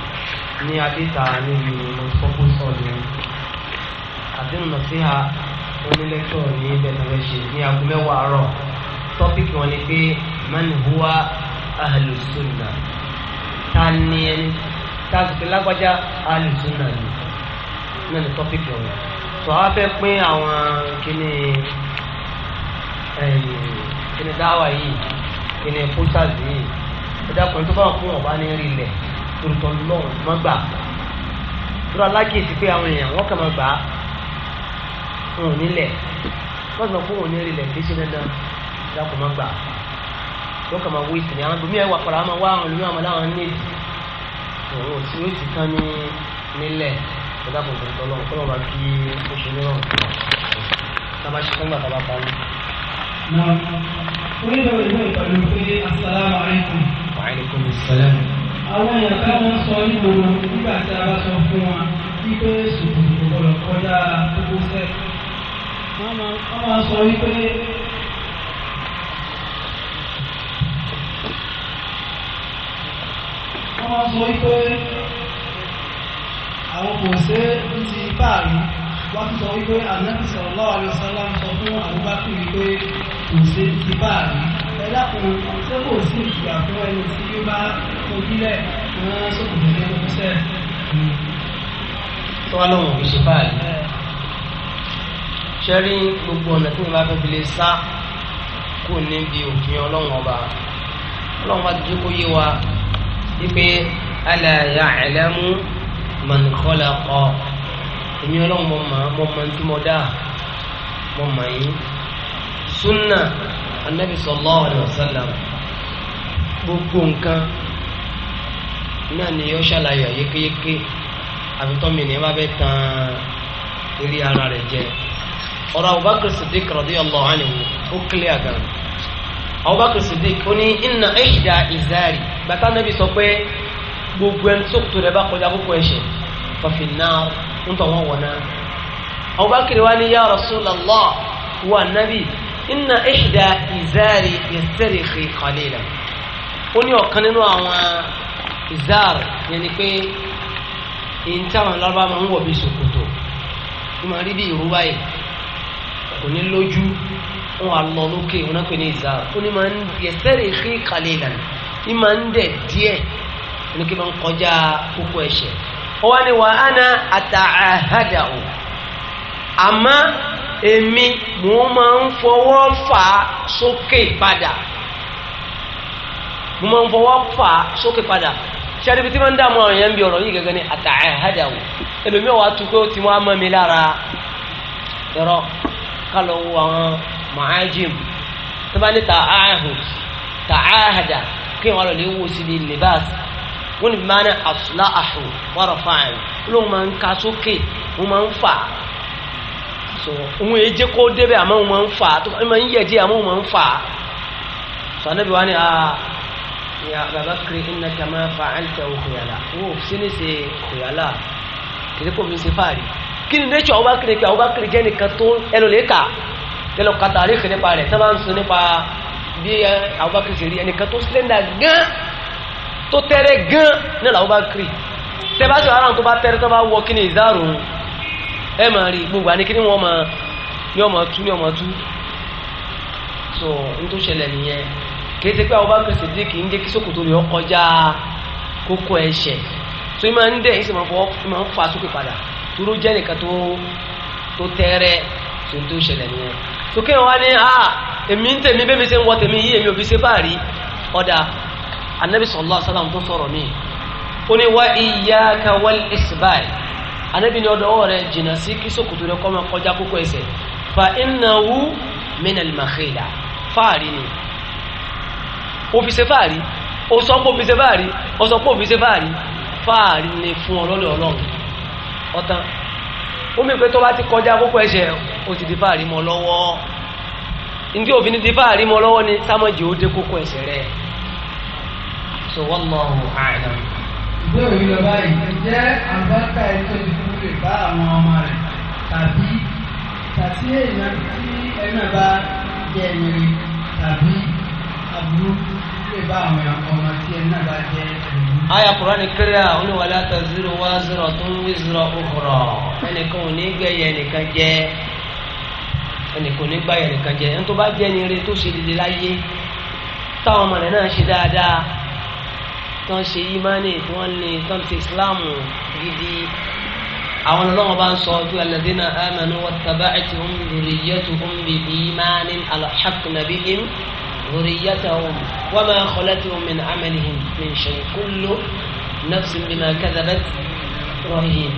ní adéta níbi ìmọ̀sọ́kú sọ̀rọ̀ àdéhùn náà sí ha onílẹ́tọ̀ ní bẹ̀rẹ̀ ṣe ní aago mẹ́wàá àárọ̀ tọ́pìkì wọn ni pé man huwa ahlu sunna ta ni ẹni ta sùpé lágbájá ahlu sunna ni náà ni tọ́pìkì ọ̀rọ̀ sọ wá fẹ́ pín àwọn kíní kíní dáwà yìí kíní pósàs yìí ẹ̀dá kan tó bá wọn fún ọ̀bá ní rí ilẹ̀ torítọ lọrùn má gbà tóra lákèsí pé àwọn èèyàn wọn kà má gbà wọn ò nílẹ̀ wọn sọ fún wọn ní rí ilẹ̀ kí ṣe dandan dákun má gbà wọn kà má wí ìsìn àwọn ìbomi ẹwà pàrọ̀ àwọn wá àwọn olómi àwọn aláwọn ní èdè òun ò sí ó sì tán ní nílẹ̀ dákun torítọ lọrùn kọlọ wà kí ó ṣe ní rọrùn tábà ṣe fún gbàtà bá parí. Nah, onídàáwọ̀ ìwé ìpàdé pé asalaamualeykum. Wa aleykum àwọn èèyàn táwọn sọ nígboro nígbà tí a bá sọ fún wa wípé sòkòtò gbọ́dọ̀ kọjá gbogbo sẹ wọn máa sọ wípé. wọ́n máa sọ wípé àwọn kò ṣe é ti báàrí wọ́n ti sọ wípé ànábì sallallahu alaihi wasallam sọ fún Abubakar wípé kò ṣe é ti báàrí ẹ̀dá kò ṣé kò sí ìjìyà fún ẹni tí yóò bá ojúlẹ̀ wọn sókòtò ní ẹnu sẹ́. tó wá lóhùn òbí ṣe báyìí ṣẹ́rí gbogbo ọ̀nà tí mo bá fẹ́ fi lè sá kò ní bí òfin ọlọ́run ọba ọlọ́run bá dúdú kó yé wa wípé ala ya'lamu man khalaqa èmi ọlọ́run mọ̀ mọ̀ mọ̀ tí mo mọ̀ mọ̀ yín súnà anabi sallallahu alayhi wa sallam gbogbo nǹkan náà ni yóò ṣàlàyé yékéyéké àfitọ́mi ni wọ́n bẹ tán eré ara rẹ̀ jẹ ọ̀rọ̀ abubakar siddiq radiyallahu anhu ó kílẹ̀ àgàn abubakar siddiq ó ní inna ihda izari bàtà anabi sọ pé gbogbo ẹni tó tó rẹ bá kọjá kókó ẹ̀ṣẹ̀ fàfin náà ń tọ̀ wọ́n wọ̀ náà abubakar wa ni ya rasulallah wa nabi inna ihda ìzáàrí yastarikhi qalilan ó ní ọ̀kan nínú àwọn ìzáàrí yẹn ni pé èyí táwọn lọ́ba máa ń wọ̀ bí ṣòkòtò ó máa rí bí ìró báyìí kò ní lójú wọn á lọ lókè wọn náà pè ní ìzáàrí ó ní máa ń yastarikhi qalilan ní máa ń dẹ̀ díẹ̀ ní kí n máa ń kọjá kókó ẹ̀ṣẹ̀ ó wá ní wàhánà àtàhádà ò àmọ́. èmi mò ń máa ń fọwọ́ fà sókè padà mo máa ń fọwọ́ fà sókè padà sẹ́ni bíi tí wọ́n ń dààmú àwọn èèyàn ọ̀rọ̀ yìí gẹ́gẹ́ ti wọ́n á mọ́ mi lára ẹ̀rọ kálọ̀ wo àwọn màájìm tó bá ní tààhùn tààhàdà kí wọ́n lọ lè ma síbi libas wọ́n ní bí máa ní àfúlà wọ́n rọ̀ ó ka sókè so òun èyí jẹ́ kó débẹ̀ àmọ́ òun máa ń fà á tó máa ń yẹ̀ díẹ̀ àmọ́ òun máa ń fà á so anábì wa ni aa ya bàbá kiri iná kama fa àìsàn òkèèyàlà wò sí ní ṣe òkèèyàlà kìlí kò fi ṣe fàárì kí ni nature ọba kiri pé ọba kiri jẹ́ nìkan tó ẹnu lè kà tẹ́lọ̀ kàtà àríkì nípa rẹ̀ tẹ́ bá ń sun nípa bí ọba kiri ṣe rí ẹnìkan tó sílẹ̀ndà gán tó tẹ́rẹ̀ gán náà làwọn bá kiri tẹ́ bá ṣe ara tó bá tẹ́rẹ̀ tó bá wọ kí ni ẹ máa rí gbogbo àníkí ni wọ́n máa ní ọmọ tú ní ọmọ tú so n tó ṣẹlẹ̀ nìyẹn kìí ṣe pé àwọn báńkì sèdí kì í jẹ́ kí sókòtò rẹ̀ kọjá kókó ẹ̀ṣẹ̀ so ìmọ̀ ń dẹ̀ ìṣẹ̀ máa ń fa sókè padà dúró jẹ́ nìkan tó tó tẹ́rẹ́ so n tó ṣẹlẹ̀ nìyẹn so kí wá ní a ah, èmi ń tẹ̀mí bẹ́ẹ̀ mi ṣe ń wọ tẹ̀mí yìí èmi ò fi ṣe báàrí ọ̀dà anabi sallallahu alaihi tó sọ̀rọ̀ mi ó wá iyyaka wal isbal anabi ni ọdọ ọwọ́ rẹ̀ jìnnà sí kí sòkòtò rẹ̀ kọmọ kọjá kókó ẹsẹ̀ fa innahu minal makhila fáàrí ni ó fi ṣe fáàrí ó sọ pé ó fi ṣe fáàrí ó sọ pé ó fi ṣe fáàrí fáàrí ni fún ọlọ́lẹ̀ ọlọ́run ọ̀tán ó mi pé tó bá ti kọjá kókó ẹsẹ̀ ó ti di fáàrí mọ́ lọ́wọ́ ndí òfin di fáàrí mọ́ lọ́wọ́ ni sámọ́jì ó dé kókó ẹsẹ̀ rẹ̀ so wallahu a'lam ìbéèrè yìí lọ báyìí ǹjẹ́ àbáka ẹni tó ti kú lè bá àwọn ọmọ rẹ̀ tàbí tàbí èèyàn tí ẹni náà bá jẹ́ ẹ̀yẹ̀rẹ̀ tàbí àbúrò lè bá àwọn ọmọ tí ẹni bá jẹ́ ẹ̀yẹ̀rẹ̀. àyà Kùránì kíríà olùwàlá kan zero wá zero tó ń wí zero òkúrọ̀ ẹnìkan ò ní gbẹ̀yẹ̀ ẹnìkan jẹ́ ẹnìkan ò ní gbàyẹ̀ ẹnìkan jẹ́ ẹni tó bá jẹ́ ẹni rẹ̀ tó ṣe dédé láyé táwọn ọmọ rẹ̀ náà ṣe dáadáa tán ṣe ìmánì tí wọ́n ní tán ti ìsìláàmù gidi àwọn ọlọ́wọ́n bá ń sọ bí alladhina amanu wattaba'athum dhurriyyatuhum bi imanin alhaqna bihim dhurriyyatahum wa ma khalatuhum min amalihim min shay' kullu nafsin bima kadhabat rahin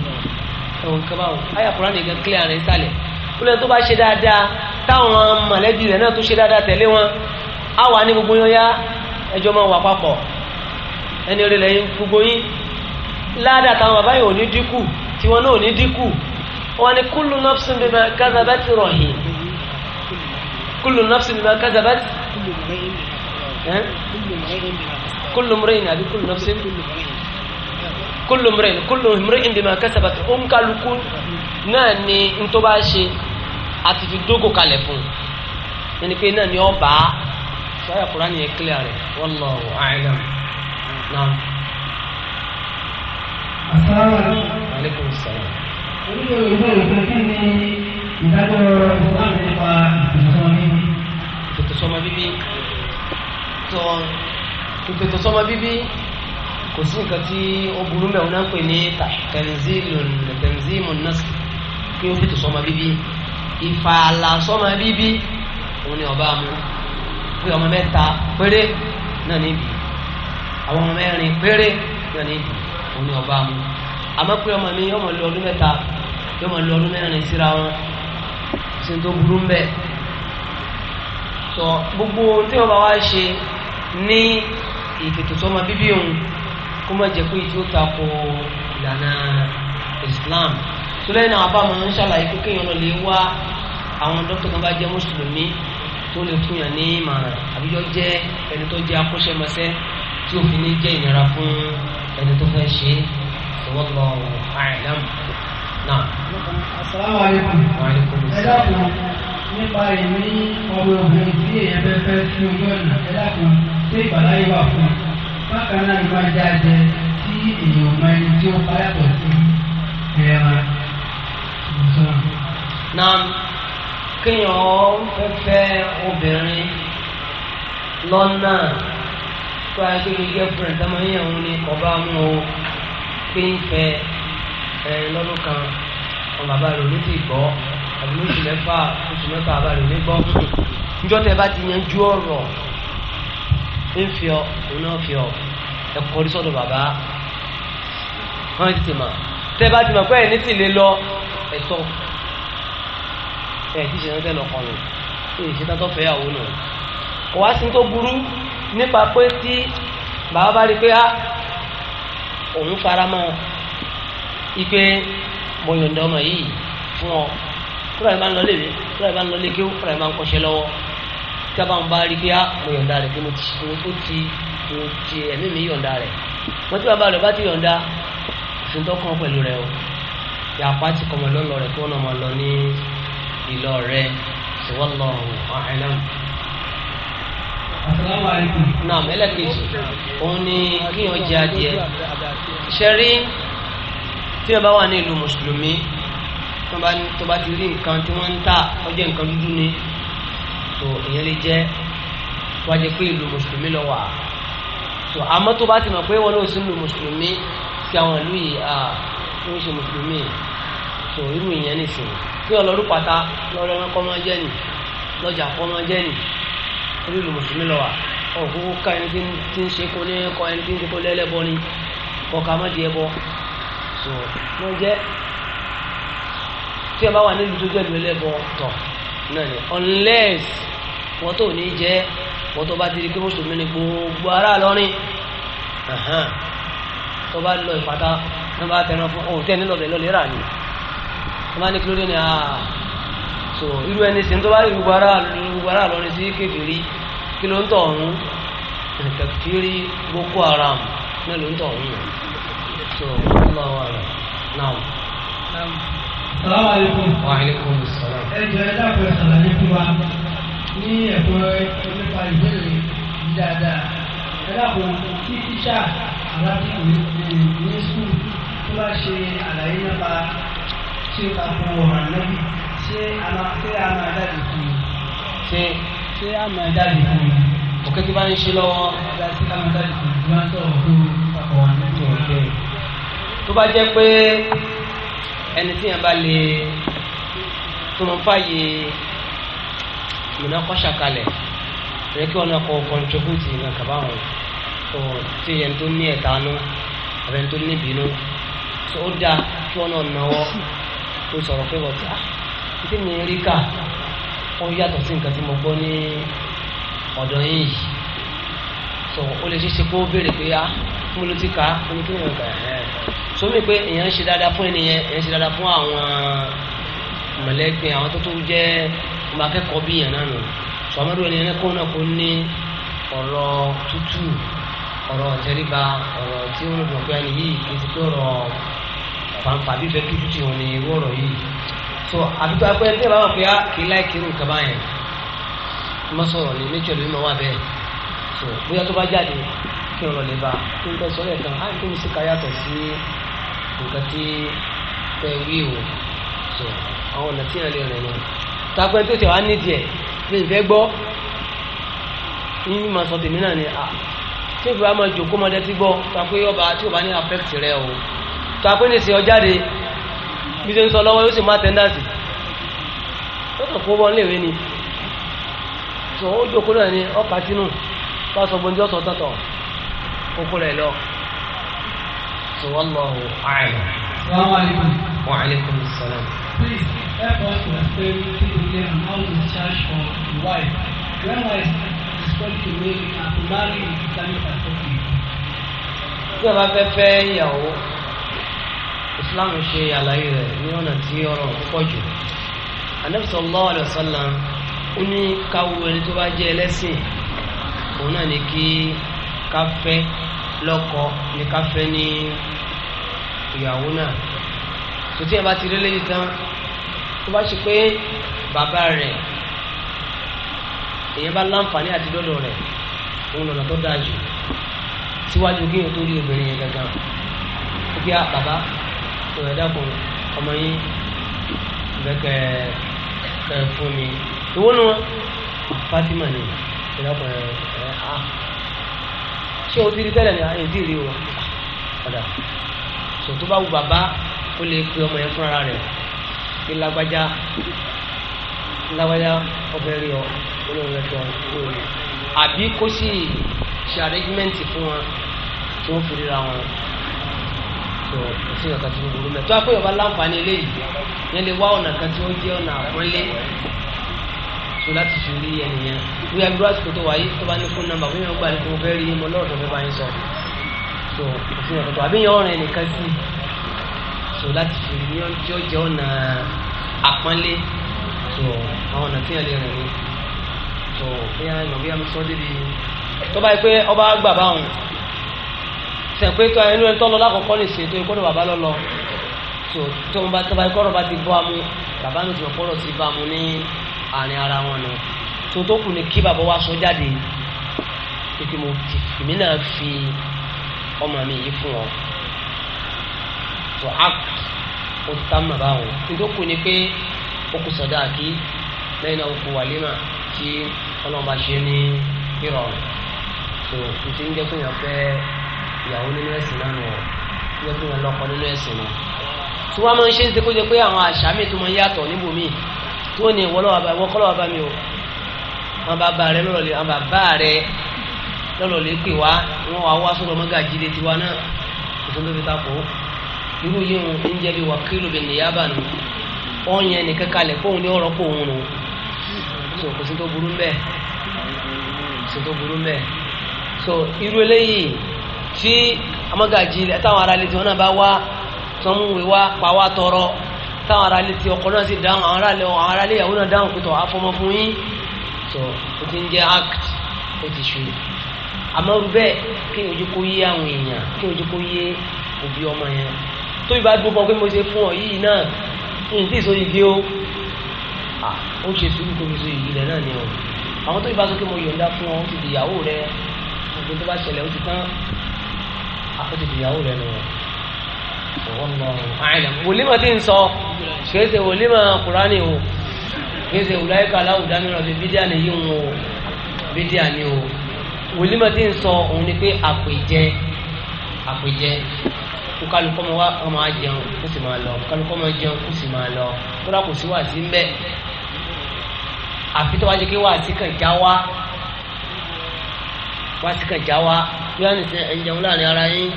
ẹ̀wọ̀n kabawo ayé àkùrán nìkan kílẹ̀ rẹ̀ sálẹ̀ kúlẹ̀ tó bá ṣe dáadáa táwọn mọ̀lẹ́bí rẹ̀ náà tó ṣe dáadáa tẹ̀lé wọn á wà ní gbogbo yọ̀ọ́yá ẹjọ́ máa wà papọ̀ ẹni rẹ̀ lẹ́yìn gbogbo yín ládàá táwọn bàbá yìí ò ní dínkù tiwọn náà ò ní dínkù wọn ni kúlù nọ́ọ̀sì bí ma kásábẹ́ ti rọ̀ yìí kúlù nọ́ọ̀sì bí ma kásábẹ́ ti kúlù mìíràn àbí kúlù nọ́ọ̀sì kúlù mìíràn kúlù mìíràn bí ma kásábẹ́ ti ó ń kálukú náà ni ntọ́ bá ṣe àti fi dógò kalẹ̀ fún un ẹni pé náà ni ọba sọ́yà kúránì yẹn kílíà rẹ̀ wallahu a'lam náà. asalaamu aleykum salaam. olùkọ́ ìwé ìwé kí ni ìdájọ́ ìwà nípa ìtòsọ́mọ bíbí. ìtòsọ́mọ bíbí tó ìtòsọ́mọ bíbí kò sí nǹkan tí ó burú mẹ́wọ́n náà pè ní tanzimu nasi kí ó fìtò sọmọ bíbí ìfààlà sọmọ bíbí òun ni ọba mu pé ọmọ mẹ́ta péré náà níbi àwọn mẹ́rin péré yóò ní òní ọba mu àmọ́ pé ọmọ mi yóò mọ̀ lọ ọdún mẹ́ta yóò mọ̀ lọ ọdún mẹ́rin síra wọn sí tó burú ń bẹ̀ gbogbo tí wọn bá ṣe ní ìfètòsọ́mọ bíbí òun kó má jẹ́ pé tí ó tako ìlànà Islam tó lẹ́yìn náà bá mọ̀ ń ṣàlàyé pé kéèyàn lọ lè wá àwọn dókítà kan bá jẹ́ mùsùlùmí tó lè fún yàn ní ìmọ̀ràn àbíjọ́ jẹ́ ẹni tó jẹ́ akọ́ṣẹ́mọṣẹ́ tí òfin ní jẹ́ ìnira fún ẹni tó fẹ́ ṣe é wọ́n lọ àìlám náà. asalaamualeykum. waaleykum salaam. ẹ dákun nípa ìní ọmọ obìnrin tí èèyàn fẹ́ fẹ́ sí ojú ọ̀nà ẹ dákun tí ìbàláyé wà fún un bákan náà ló máa jẹ́ àjẹ tí èèyàn mọ ẹni tí ó bá yàtọ̀ sí ẹran ìṣàn. náà kéèyàn fẹ́ fẹ́ obìnrin lọ́nà tó a gbé gbé girlfriend tó máa ń yàn ní ọba mú o pé ń fẹ́ ẹ lọ́dún kan ọmọ bàbá rẹ̀ ló ti gbọ́ àbí oṣù mẹ́fà oṣù mẹ́fà bàbá rẹ̀ ló gbọ́ níjọ́ tẹ bá ti yanjú ọ̀rọ̀ ń fi ọ òun náà fi ọ ẹ kọrí sọ́dọ̀ bàbá wọn ti tì mà tẹ bá ti mọ̀ pé ẹ̀ ní tìlé lọ ẹ̀tọ́ ẹ̀ ti ṣe náà tẹ lọ kọ́ ni èyí ṣe tán tó fẹ́ yàwó nípa pé tí bàbá bá rí pé á ah, òun fara mọ́ ipe mo yọ̀ǹda ọmọ yìí fún ọ kúrò ẹ̀ bá ń lọ léwe kúrò ẹ̀ bá ń lọ léke kúrò ẹ̀ bá ń kọ́ṣẹ́ lọ́wọ́ tí a bá ń bá rí pé á ah, mo yọ̀ǹda rẹ̀ pé mo ti mo tó ti mo ti ẹ̀mí mi yọ̀ǹda rẹ̀ wọ́n tí bàbá rẹ̀ bá ti yọ̀ǹda òfin tó kàn pẹ̀lú rẹ̀ o yàpá ti kọ̀mọ̀ lọ́lọ́ rẹ̀ kí wọ́n náà máa lọ ní ìlọ rẹ̀ ṣèwọ́n lọ́ọ̀ọ́ naam ẹlẹ́kejì òun ni kíyàn jẹ adìẹ ṣẹ́rí tí wọ́n bá wà ní ìlú mùsùlùmí tó bá ti rí nǹkan tí wọ́n ń tà ó jẹ́ nǹkan dúdú ni tó èèyàn lè jẹ́ wá jẹ́ pé ìlú mùsùlùmí lọ wà tó àmọ́ tó bá ti mọ̀ pé wọ́n ló sí ìlú mùsùlùmí tí àwọn ìlú yìí à ń ṣe mùsùlùmí tó irú ìyẹn nìsín kí ọlọ́rú pátá lọ́rọ́ ẹranko máa jẹ́ nì lọ́jà kọ́ nì orí ìlú mùsùlùmí lọ wa òkúkú ká ẹni tí ń ṣe kó ní kọ ẹni tí ń ṣe kó lẹ́lẹ́bọ ni ọkà má di ẹbọ so wọ́n jẹ́ tí ẹ bá wà nílùú tó jẹ́ ìlú ẹlẹ́bọ tọ̀ náà ni unless wọ́n tó ní jẹ́ wọ́n tó bá ti di pé mùsùlùmí ni gbogbo ará lọ́rin tó bá lọ ìpàtà náà bá tẹnu fún ọ̀hún tẹ́ nílọ̀bẹ̀ lọ́lẹ́ rà ni wọ́n bá ní kí ló ni àà. Ah, so irú ẹni sì ń tó bá rí gbogbo ara gbogbo ara lọ́rin sí kébìrí kí ló ń tọ̀ ọ̀hún kẹfìrí boko haram náà ló ń tọ̀ ọ̀hún so ọlọ́wọ́ rẹ̀ náà. Assalamu alaikum. Wa alaikum assalam. Ẹ jẹ́ ẹ̀dá pẹ̀lú àlàyé fún wa ní ẹ̀kọ́ nípa ìbéèrè dáadáa. Ẹ dákun kí tíṣà aláàbò ní sùn tó bá ṣe àlàyé nípa ṣé ká fún ọ̀ràn náà ṣé a máa jáde fún mi ṣé a máa jáde fún mi òkè tí bá ń ṣe lọ́wọ́ a máa jáde fún mi máa ń sọ̀rọ̀ fún ọkọ̀ wa nínú ọ̀kẹ́ tó bá jẹ́ pé ẹni tí yẹn bá lè tó mọ fàyè ìnákọ́ṣà kalẹ̀ rẹ kí wọn náà kọ kọntribútì nǹkan kaba wọn tó tí yẹn tó ní ẹ̀ta nú àbẹ̀ tó ní ìbínú tó dáa kí wọn náà náwó tó sọ̀rọ̀ pé wọ́n ti títí mi rí kà ó yàtọ̀ sí nǹkan tí mo gbọ́ ní ọ̀dọ̀ yín yìí so ó lè ṣeéṣe kó béèrè pé á ah, mo ló ti kà á mo ní kí wọ́n kà ẹ̀ so mi pé èèyàn ń ṣe dáadáa fún ènìyàn èèyàn ń ṣe dáadáa fún àwọn mọ̀lẹ́gbẹ̀ àwọn tó tó jẹ́ ọmọ akẹ́kọ̀ọ́ bí èèyàn náà nù so amadu ènìyàn kó náà kó ní ọ̀rọ̀ tútù ọ̀rọ̀ tẹríba ọ̀rọ̀ tí wọ́n lò pé ẹni yìí kì í ti pé ọ̀rọ̀ pàǹpà bíbẹ́ tútù tí wọ́n ní irú ọ̀rọ̀ yìí so àbí tó apẹ́ tẹ́ bá wà pé á ah, kì í láì kírun kaba yẹn má sọ̀rọ̀ ní nature lórí ma wà bẹ́ẹ̀ so bóyá tó bá jáde kí ọ̀rọ̀ lè ba kí n tẹ́ sọ lẹ́ẹ̀kan á ah, ní kí n sì ká yàtọ̀ sí nǹkan tí fẹ́ wí o so àwọn ọ̀nà tí yẹn lè rìn lọ tapẹ́ tó tẹ̀ wá nídìí ẹ̀ mi ì fẹ́ gbọ́ yín máa sọ tèmi náà ni à ah, tí ìfẹ́ wa máa jòkó máa dẹ́tí gbọ́ tapẹ́ yọba tí bí ṣe ń sọ lọ́wọ́ yóò sì máa tẹ́ńdàsì ó kàn kó bọ́ níléèwé ni tó ó jókòó náà ni ọkà sínú bá sọ gbọ́n jọ́ sọ tọ̀tọ̀ kókó rẹ̀ lọ tó wọ́n lọ wò áìlú. wa alaikum salam. Please help us to explain to the game how to search for a wife. When wife is going to make and to marry with Islamic perspective. Bí a bá fẹ́ fẹ́ ìyàwó islam ṣe àlàyé rẹ̀ ní ọ̀nà tí ọ̀rọ̀ pọ̀ jù anabi sallallahu alaihi wasallam ó ní káwo ẹni tó bá jẹ́ ẹlẹ́sìn òun náà ní kí ká fẹ́ lọ́kọ ní ká fẹ́ ní ìyàwó náà tòtí ẹ̀ bá ti rí lẹ́yìn tán tó bá ṣe pé bàbá rẹ̀ èèyàn bá láǹfààní àti dọ́dọ̀ rẹ̀ òun lọ́nà tó dáa jù síwájú kí n tó rí obìnrin yẹn gangan ó bí a ah, bàbá tó ẹ dákun ọmọ yín bẹ́kẹ̀ kẹ fún mi ìwọ ni wọn Fatima ni ẹ dákun ẹ ẹ a ṣé o ti rí tẹ́lẹ̀ ní àyè tí ì rí o padà sọ tó bá wù bàbá ó lè pe ọmọ yẹn fúnra rẹ̀ kí lágbájá lágbájá ọbẹ̀ rí ọ olóòrùn ẹ̀tọ́ àbí kó sì ṣe arrangement fún wọn tí wọ́n fi ríra wọn tó kò sí ọ̀kan tí ó burú mẹ́tọ́ àpò ìwọ̀n láǹfààní eléyìí yẹn lè wá ọ̀nà kan tí ó jẹ́ ọ̀nà àpọ́nlé tó láti ṣe orí ẹni wí agbúrò àsìkò tó wáyé tó bá ní fún nọ́mbà wíyàn gbà ní kó fẹ́ rí mo lọ́rọ̀ fẹ́ bá yín sọ tó kò ọ̀kan tó àbíyàn ọ̀rọ̀ ẹnìkan sí tó láti ṣe orí yẹn tí ó jẹ́ ọ̀nà àpọ́nlé tó àwọn ọ̀nà tí yẹn lè rìn ní tó bí sẹ̀pẹ́ tó ẹnu ẹni tó lọ lákòókò lè ṣe tó ìkọ́dọ̀ bàbá lọ tó tó ń bá tó bá ìkọ́dọ̀ bá ti bọ́ amú bàbá ní oṣù ọ̀pọ̀lọ̀ ti bá amú ní àárín ara wọn nù tó tó kù ní kí bàbá wa sọ jáde títí mo ti èmi náà fi ọmọ mi yìí fún ọ tó á o ti mọ̀ báwọn tó tó kù ní pé o kù sọ̀dá kí lẹ́yìn náà o kù wàlímà kí ọlọ́run ṣe ní ìrọ̀rùn tó ti ń jẹ́ fún yàn fẹ́ẹ́ ìyàwó nínú ẹ̀sìn náà nù ọ́ yẹ kí wọ́n lọ́kọ nínú ẹ̀sìn náà tí wọ́n máa ń ṣe ń ṣe kó jẹ pé àwọn àṣà mi tó máa yàtọ̀ níbòmíì tó ní ìwọ́kọ́lọ́wọ́ bá mi o wọn bàbá rẹ lọlọlẹ wọn bàbá rẹ lọlọlẹ pè wá wọn wà wá sọ́dọ̀ mọgàjídé tiwa náà tuntun tó fi ta kó irú yìí ń jẹbi wàkìlù bẹ níyàbà nù wọn so kò sí tó so irú eléyìí tí amagaji táwọn ará létí wọn náà bá wá tó ń wé wá pa wá tọrọ táwọn ará létí ọkọ náà sì dáhùn àwọn ará lé àwọn ará lé ìyàwó náà dáhùn pé tọ afọmọ fún yín tó o ti ń jẹ act o ti ṣù àmọ́ bẹ́ẹ̀ kí ni ojú kó yé àwọn èèyàn kí ni ojú kó yé òbí ọmọ yẹn tó ìbá gbogbo pé mo ṣe fún ọ yìí náà n tí ìsòyí gé o ó ṣe sùúrù kó mi so ìyí rẹ náà ni o àwọn tó ìbá sọ pé mo yọ̀ǹda fún ọ ó ti di ìyàwó rẹ gbogbo tó bá ṣẹlẹ̀ ó ti tán àkójọ ìyàwó rẹ nù wòlímọ̀ tí ń sọ kìí ṣe wòlímọ̀ kùránì o kìí ṣe wùláyíkà aláwùdá ní ọ̀sẹ̀ bídíà ní yí wọn o bídíà ní o wòlímọ̀ tí ń sọ òun ni pé àpèjẹ àpèjẹ kó kálukọ́ máa wá ọmọ ajẹun kó sì máa lọ kó kálukọ́ máa jẹun kó sì máa lọ kódà kò sí wàásí ń bẹ́ẹ̀ àfi tó wá jẹ́ kí wàásí kan já wá wàásí kan já wá bí wọ́n ti ẹ̀yin jẹun láàrin ara yín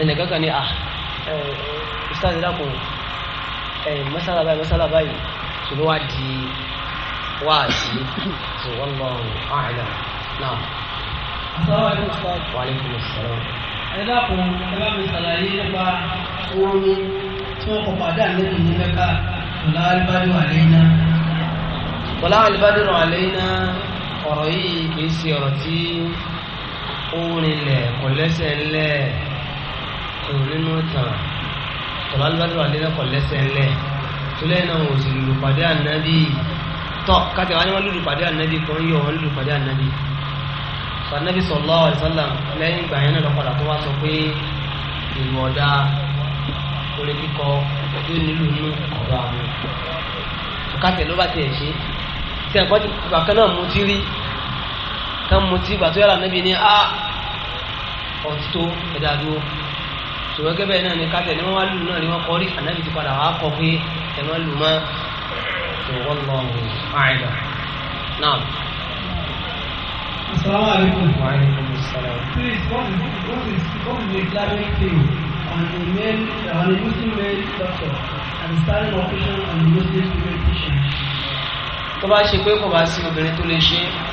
ẹnìkan kan ní à ẹ ìsáàdì dàpọ̀ ẹ mọ́sálà báyìí mọ́sálà báyìí tó ló wá di wáàsí tó wọ́n lọ àìlọ náà. asalaamualeykum salaam. waaleykum salaam. ẹ dàpọ̀ ẹ bá mi sàlàyé nípa omi tí wọ́n kọ padà nínú ní mẹ́ka ọ̀la alibadu àlẹ́yìnà. ọ̀la alibadu àlẹ́yìnà ọ̀rọ̀ yìí kì í ṣe ọ̀rọ̀ tí orinlẹ̀ kọ̀lẹ́sẹ̀ ńlẹ̀ ẹ̀rù nínú tàn tọ́lá alùbádùn àdínlẹ̀ kọ̀lẹ́sẹ̀ ńlẹ̀ tólẹ̀ náà wò sí lùlù pàdé ànábì tọ́ kájà wá ní wọ́n lùlù pàdé ànábì kan yọ̀ wọ́n lùlù pàdé ànábì sànábì sallallahu alaihi wasallam lẹ́yìn ìgbà yẹn náà lọ́kọ̀dà tó wá sọ pé ìwọ̀ ọ̀dà orin kíkọ yóò nílò inú ọ̀rọ̀ àwọn kátẹ̀ ló bá tiẹ̀ ṣe tẹ̀ ẹ̀kọ́ bàkan náà mo ti rí kán mutí ìgbà yàrá níbi ní a ọtí tó dúró ṣùgbọ́n gẹ́gẹ́ náà ni káfíà ni wọ́n wá lù náà ni wọ́n kọrí ànábì ti padà wàá kọ pé ẹ má lù mọ́ ìwọ́n lọ ọ̀hún àìdá náà. Assalamu alaikum. Wa alaikum assalam. Please, come is, what is, what is the Islamic thing and a male, on a Muslim male doctor and starting operation on a Muslim female patient? Tó bá ṣe pé kò bá sí obìnrin tó lè ṣe é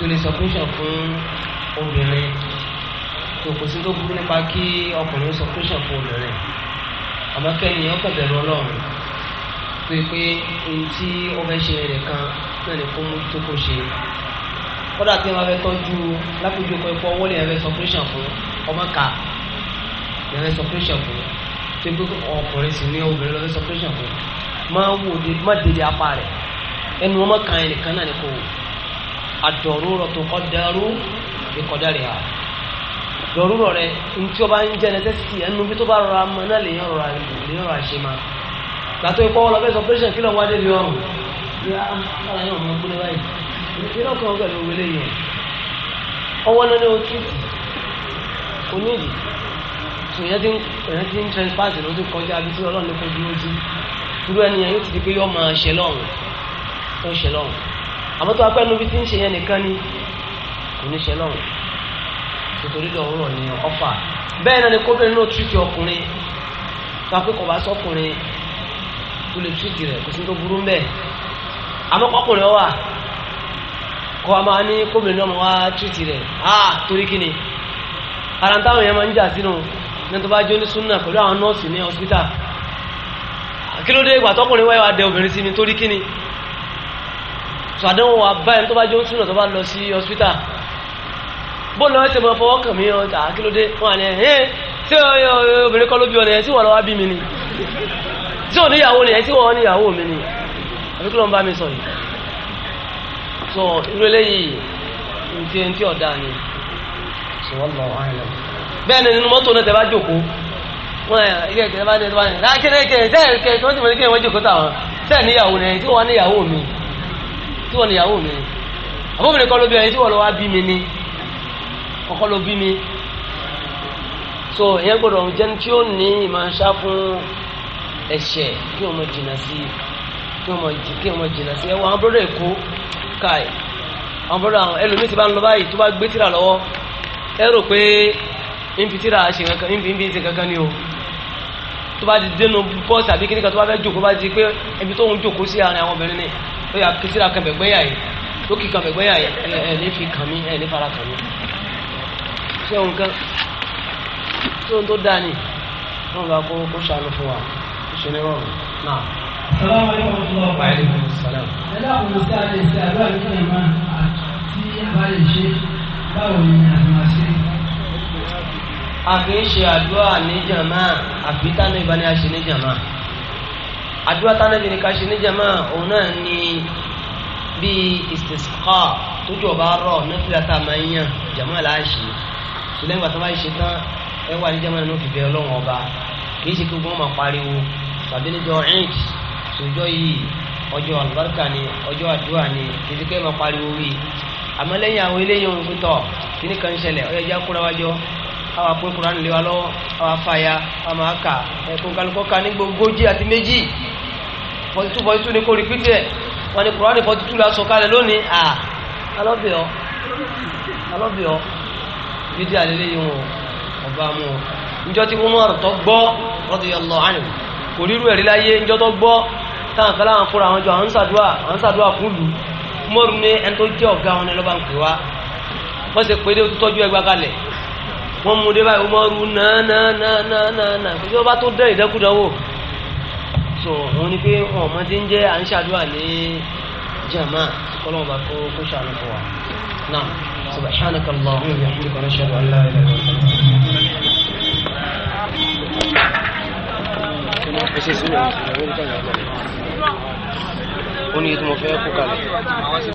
tó lè sọpúrẹ́ṣàn fún obìnrin tó kò sí tó burú nípa kí ọkùnrin ó sọpúrẹ́ṣàn fún obìnrin àmọ́ kẹ́ni ọkọ̀ bẹ̀rù ọlọ́run pé pé ohun tí ó fẹ́ ṣe nìkan náà ni kó tó kó ṣe kódà tí wọn fẹ́ tọ́jú lápòjú ọkọ̀ ẹ̀kọ́ wọ́n lè fẹ́ sọpúrẹ́ṣàn fún ọmọ ká lè fẹ́ sọpúrẹ́ṣàn fún tó pé ọkùnrin sì ní obìnrin lọ́fẹ́ sọpúrẹ́ṣàn fún máa wò má dédé apá rẹ̀ ẹnu ọmọ kan ẹnìkan náà ni kò wò ad-daruratu tuqaddaru bi qadariha dọ̀rúrọ̀ rẹ ntí o bá ń jẹ́ nẹ́tẹ́sìtì ẹnu bí tó bá rọra mọ náà lè yàn rọra lè yàn rọra ṣe máa gbàtọ́ ikọ́ wọn lọ bẹ́ẹ̀ sọ pẹ́sẹ̀ kí lọ́n wá dé lè ọrùn ní ara yàn ọmọ gbọ́dọ̀ báyìí kí lọ́kàn wọn pẹ̀lú òwe lẹ́yìn ọwọ́ náà ní o tú oníyì tó yẹn ti ń yẹn ti ń transport ló ti kọjá bí tí ọlọ́run ní kojú lójú dúró ẹni yẹn yóò ti di pé yọ máa ṣẹlọ́run àmọ́ tó apẹ́ níbi tí ń ṣe yẹn nìkan ni kò ní ṣe lọ́rùn nítorí lọ́rùn ní ọfà bẹ́ẹ̀ náà ni kóbìnrin náà tìrìtì ọkùnrin tó apẹ́ kọ̀ bá sọkùnrin tó lè tìrìtì rẹ̀ kò sí tó burú mbẹ́ àmọ́ kọkùnrin ọ kọ́ a máa ní kóbìnrin náà wá tìrìtì rẹ̀ á torí kí ni ara ń táwọn yẹn máa ń jà sínú ní tó bá jó ní súnà pẹ̀lú àwọn nọ́ọ̀sì ní hospital kí ló dé ìgbà tọkùnrin wáyé wa dẹ obìnrin sí ni torí kí ni tó àdánwò wa báyìí tó bá jẹ́ oṣù náà tó bá lọ sí hospital bóun náà tẹ̀ mọ́ fọwọ́ kàn mí ọ̀tà kí ló dé wọn àná ẹ̀ tí obìnrin kọ́ ló bí ọ nìyẹn tí wọ́n lọ́wọ́ bí mi ni tí ò níyàwó nìyẹn tí wọ́n níyàwó mi ni àbí kí ló ń bá mi sọ yìí sọ irú eléyìí ntí ntí ọ̀dà ni sọ wọ́n lọ bẹ́ẹ̀ ni nínú mọ́tò náà tẹ̀ bá jókòó wọn ẹ̀ ilé ẹ̀ tẹ̀ bá ní ẹ̀ tẹ̀ bá ní ẹ̀ lákẹ́rẹ́ kẹ̀ tẹ̀ kẹ̀ tí wọ́n ti mọ̀ ní kí wọ́n jókòó táwọn tẹ̀ níyàwó nìyẹn tí wọ́n níyàwó mi tí wọ́n níyàwó mi ni àbọ̀bìnrin kọ́ ló bí ẹni tí wọ́n lọ wá bí mi ni ọkọ ló bí mi so ìyẹn gbọ́dọ̀ jẹ́ni tí ó ní ìmọ̀ ṣá fún ẹ̀ṣẹ̀ kí wọ́n mọ jìnnà sí kí wọ́n mọ jìnnà sí ẹwọ́n àwọn bọ́dọ̀ èkó káì àwọn bọ́dọ̀ àwọn ẹlòmíì ti bá ń lọ báyìí tó bá gbé tìrà lọ́wọ́ ẹ rò pé ń ṣe kankan ń ṣe kankan ni o tó bá ti dénú bọ́ọ̀sì àbí kíníkan tó ni ó yà kí síra kan bẹ̀gbẹ́ yà yìí lókì kan bẹ̀gbẹ́ yà yìí ẹ̀ ẹ̀ ní fi kàn mí ẹ̀ ní fara kàn mí. ṣé òun kan ṣé òun tó dá ni wọn bá kó kó ṣàánú fún wa kó ṣe ní rọrùn náà. sọláwọ́ ní wọn lọ bá ilé ìwé sọlá. ẹ dákun sí àlè sí àlọ́ àdúgbò ìmọ̀ àti àbálẹ̀ ìṣe báwo ni àdúrà ṣe a kì í ṣe àdúrà ní jàmáà àfi tánú ìbáni ní jàmáà àdúrà tánàbí ni ká ṣe níjàmá òun náà ni bíi istisqa tójú ọba rọ nífìlà tá a máa ń yàn jàmá láàṣì ṣùgbọ́n ìgbà tó bá ṣe tán ẹ wà níjàmá nínú fìfẹ́ ọlọ́run ọba kì í ṣe kí wọ́n máa pariwo tàbí níjọ eid sójọ́ yìí ọjọ́ àlùbáríkà ni ọjọ́ àdúrà ni ibi kẹ́ máa pariwo wí àmọ́ lẹ́yìn àwọn eléyìí ohun pítọ̀ kíní kan ṣẹlẹ̀ ọ̀yẹ́ jẹ́ kúra wájọ́ àwọn akpé kúra nílé wa lọ́wọ́ àwọn afáya àwọn àkà ẹ̀kọ́ kálukọ́ ka ní gbogbo jí àti méjì forty two forty two ní kó repeat ẹ̀ wọ́n ní kùránì forty two lásán kalẹ̀ lónìí à alọ́bẹ̀ ọ́ alọ́bẹ̀ ọ́ bídí àlélẹ́ yìí wọn ọba mú wọn níjọ́ tí Umar tó gbọ́ radiyallahu anhu kò rírú ẹ̀rí láyé níjọ́ tó gbọ́ táwọn kan láwọn fúnra àwọn jọ àwọn sàdúà àwọn sàdúà fún lù mọ́rù ní ẹni tó jẹ́ ọ̀gá wọn ni lọ́ba ń pè wá wọ́n sì pé dé tọ́jú ẹgbàá kalẹ̀ wọ́n mú dé báyìí Umaru náà náà so òun ni pé wọn ọmọdé ń jẹ́ à ń ṣàdúrà ní jama kọ́lọ́mù bá kó kó ṣàánú fún wa náà subhanaka Allahumma wa bihamdika nashhadu an la ilaha illa anta.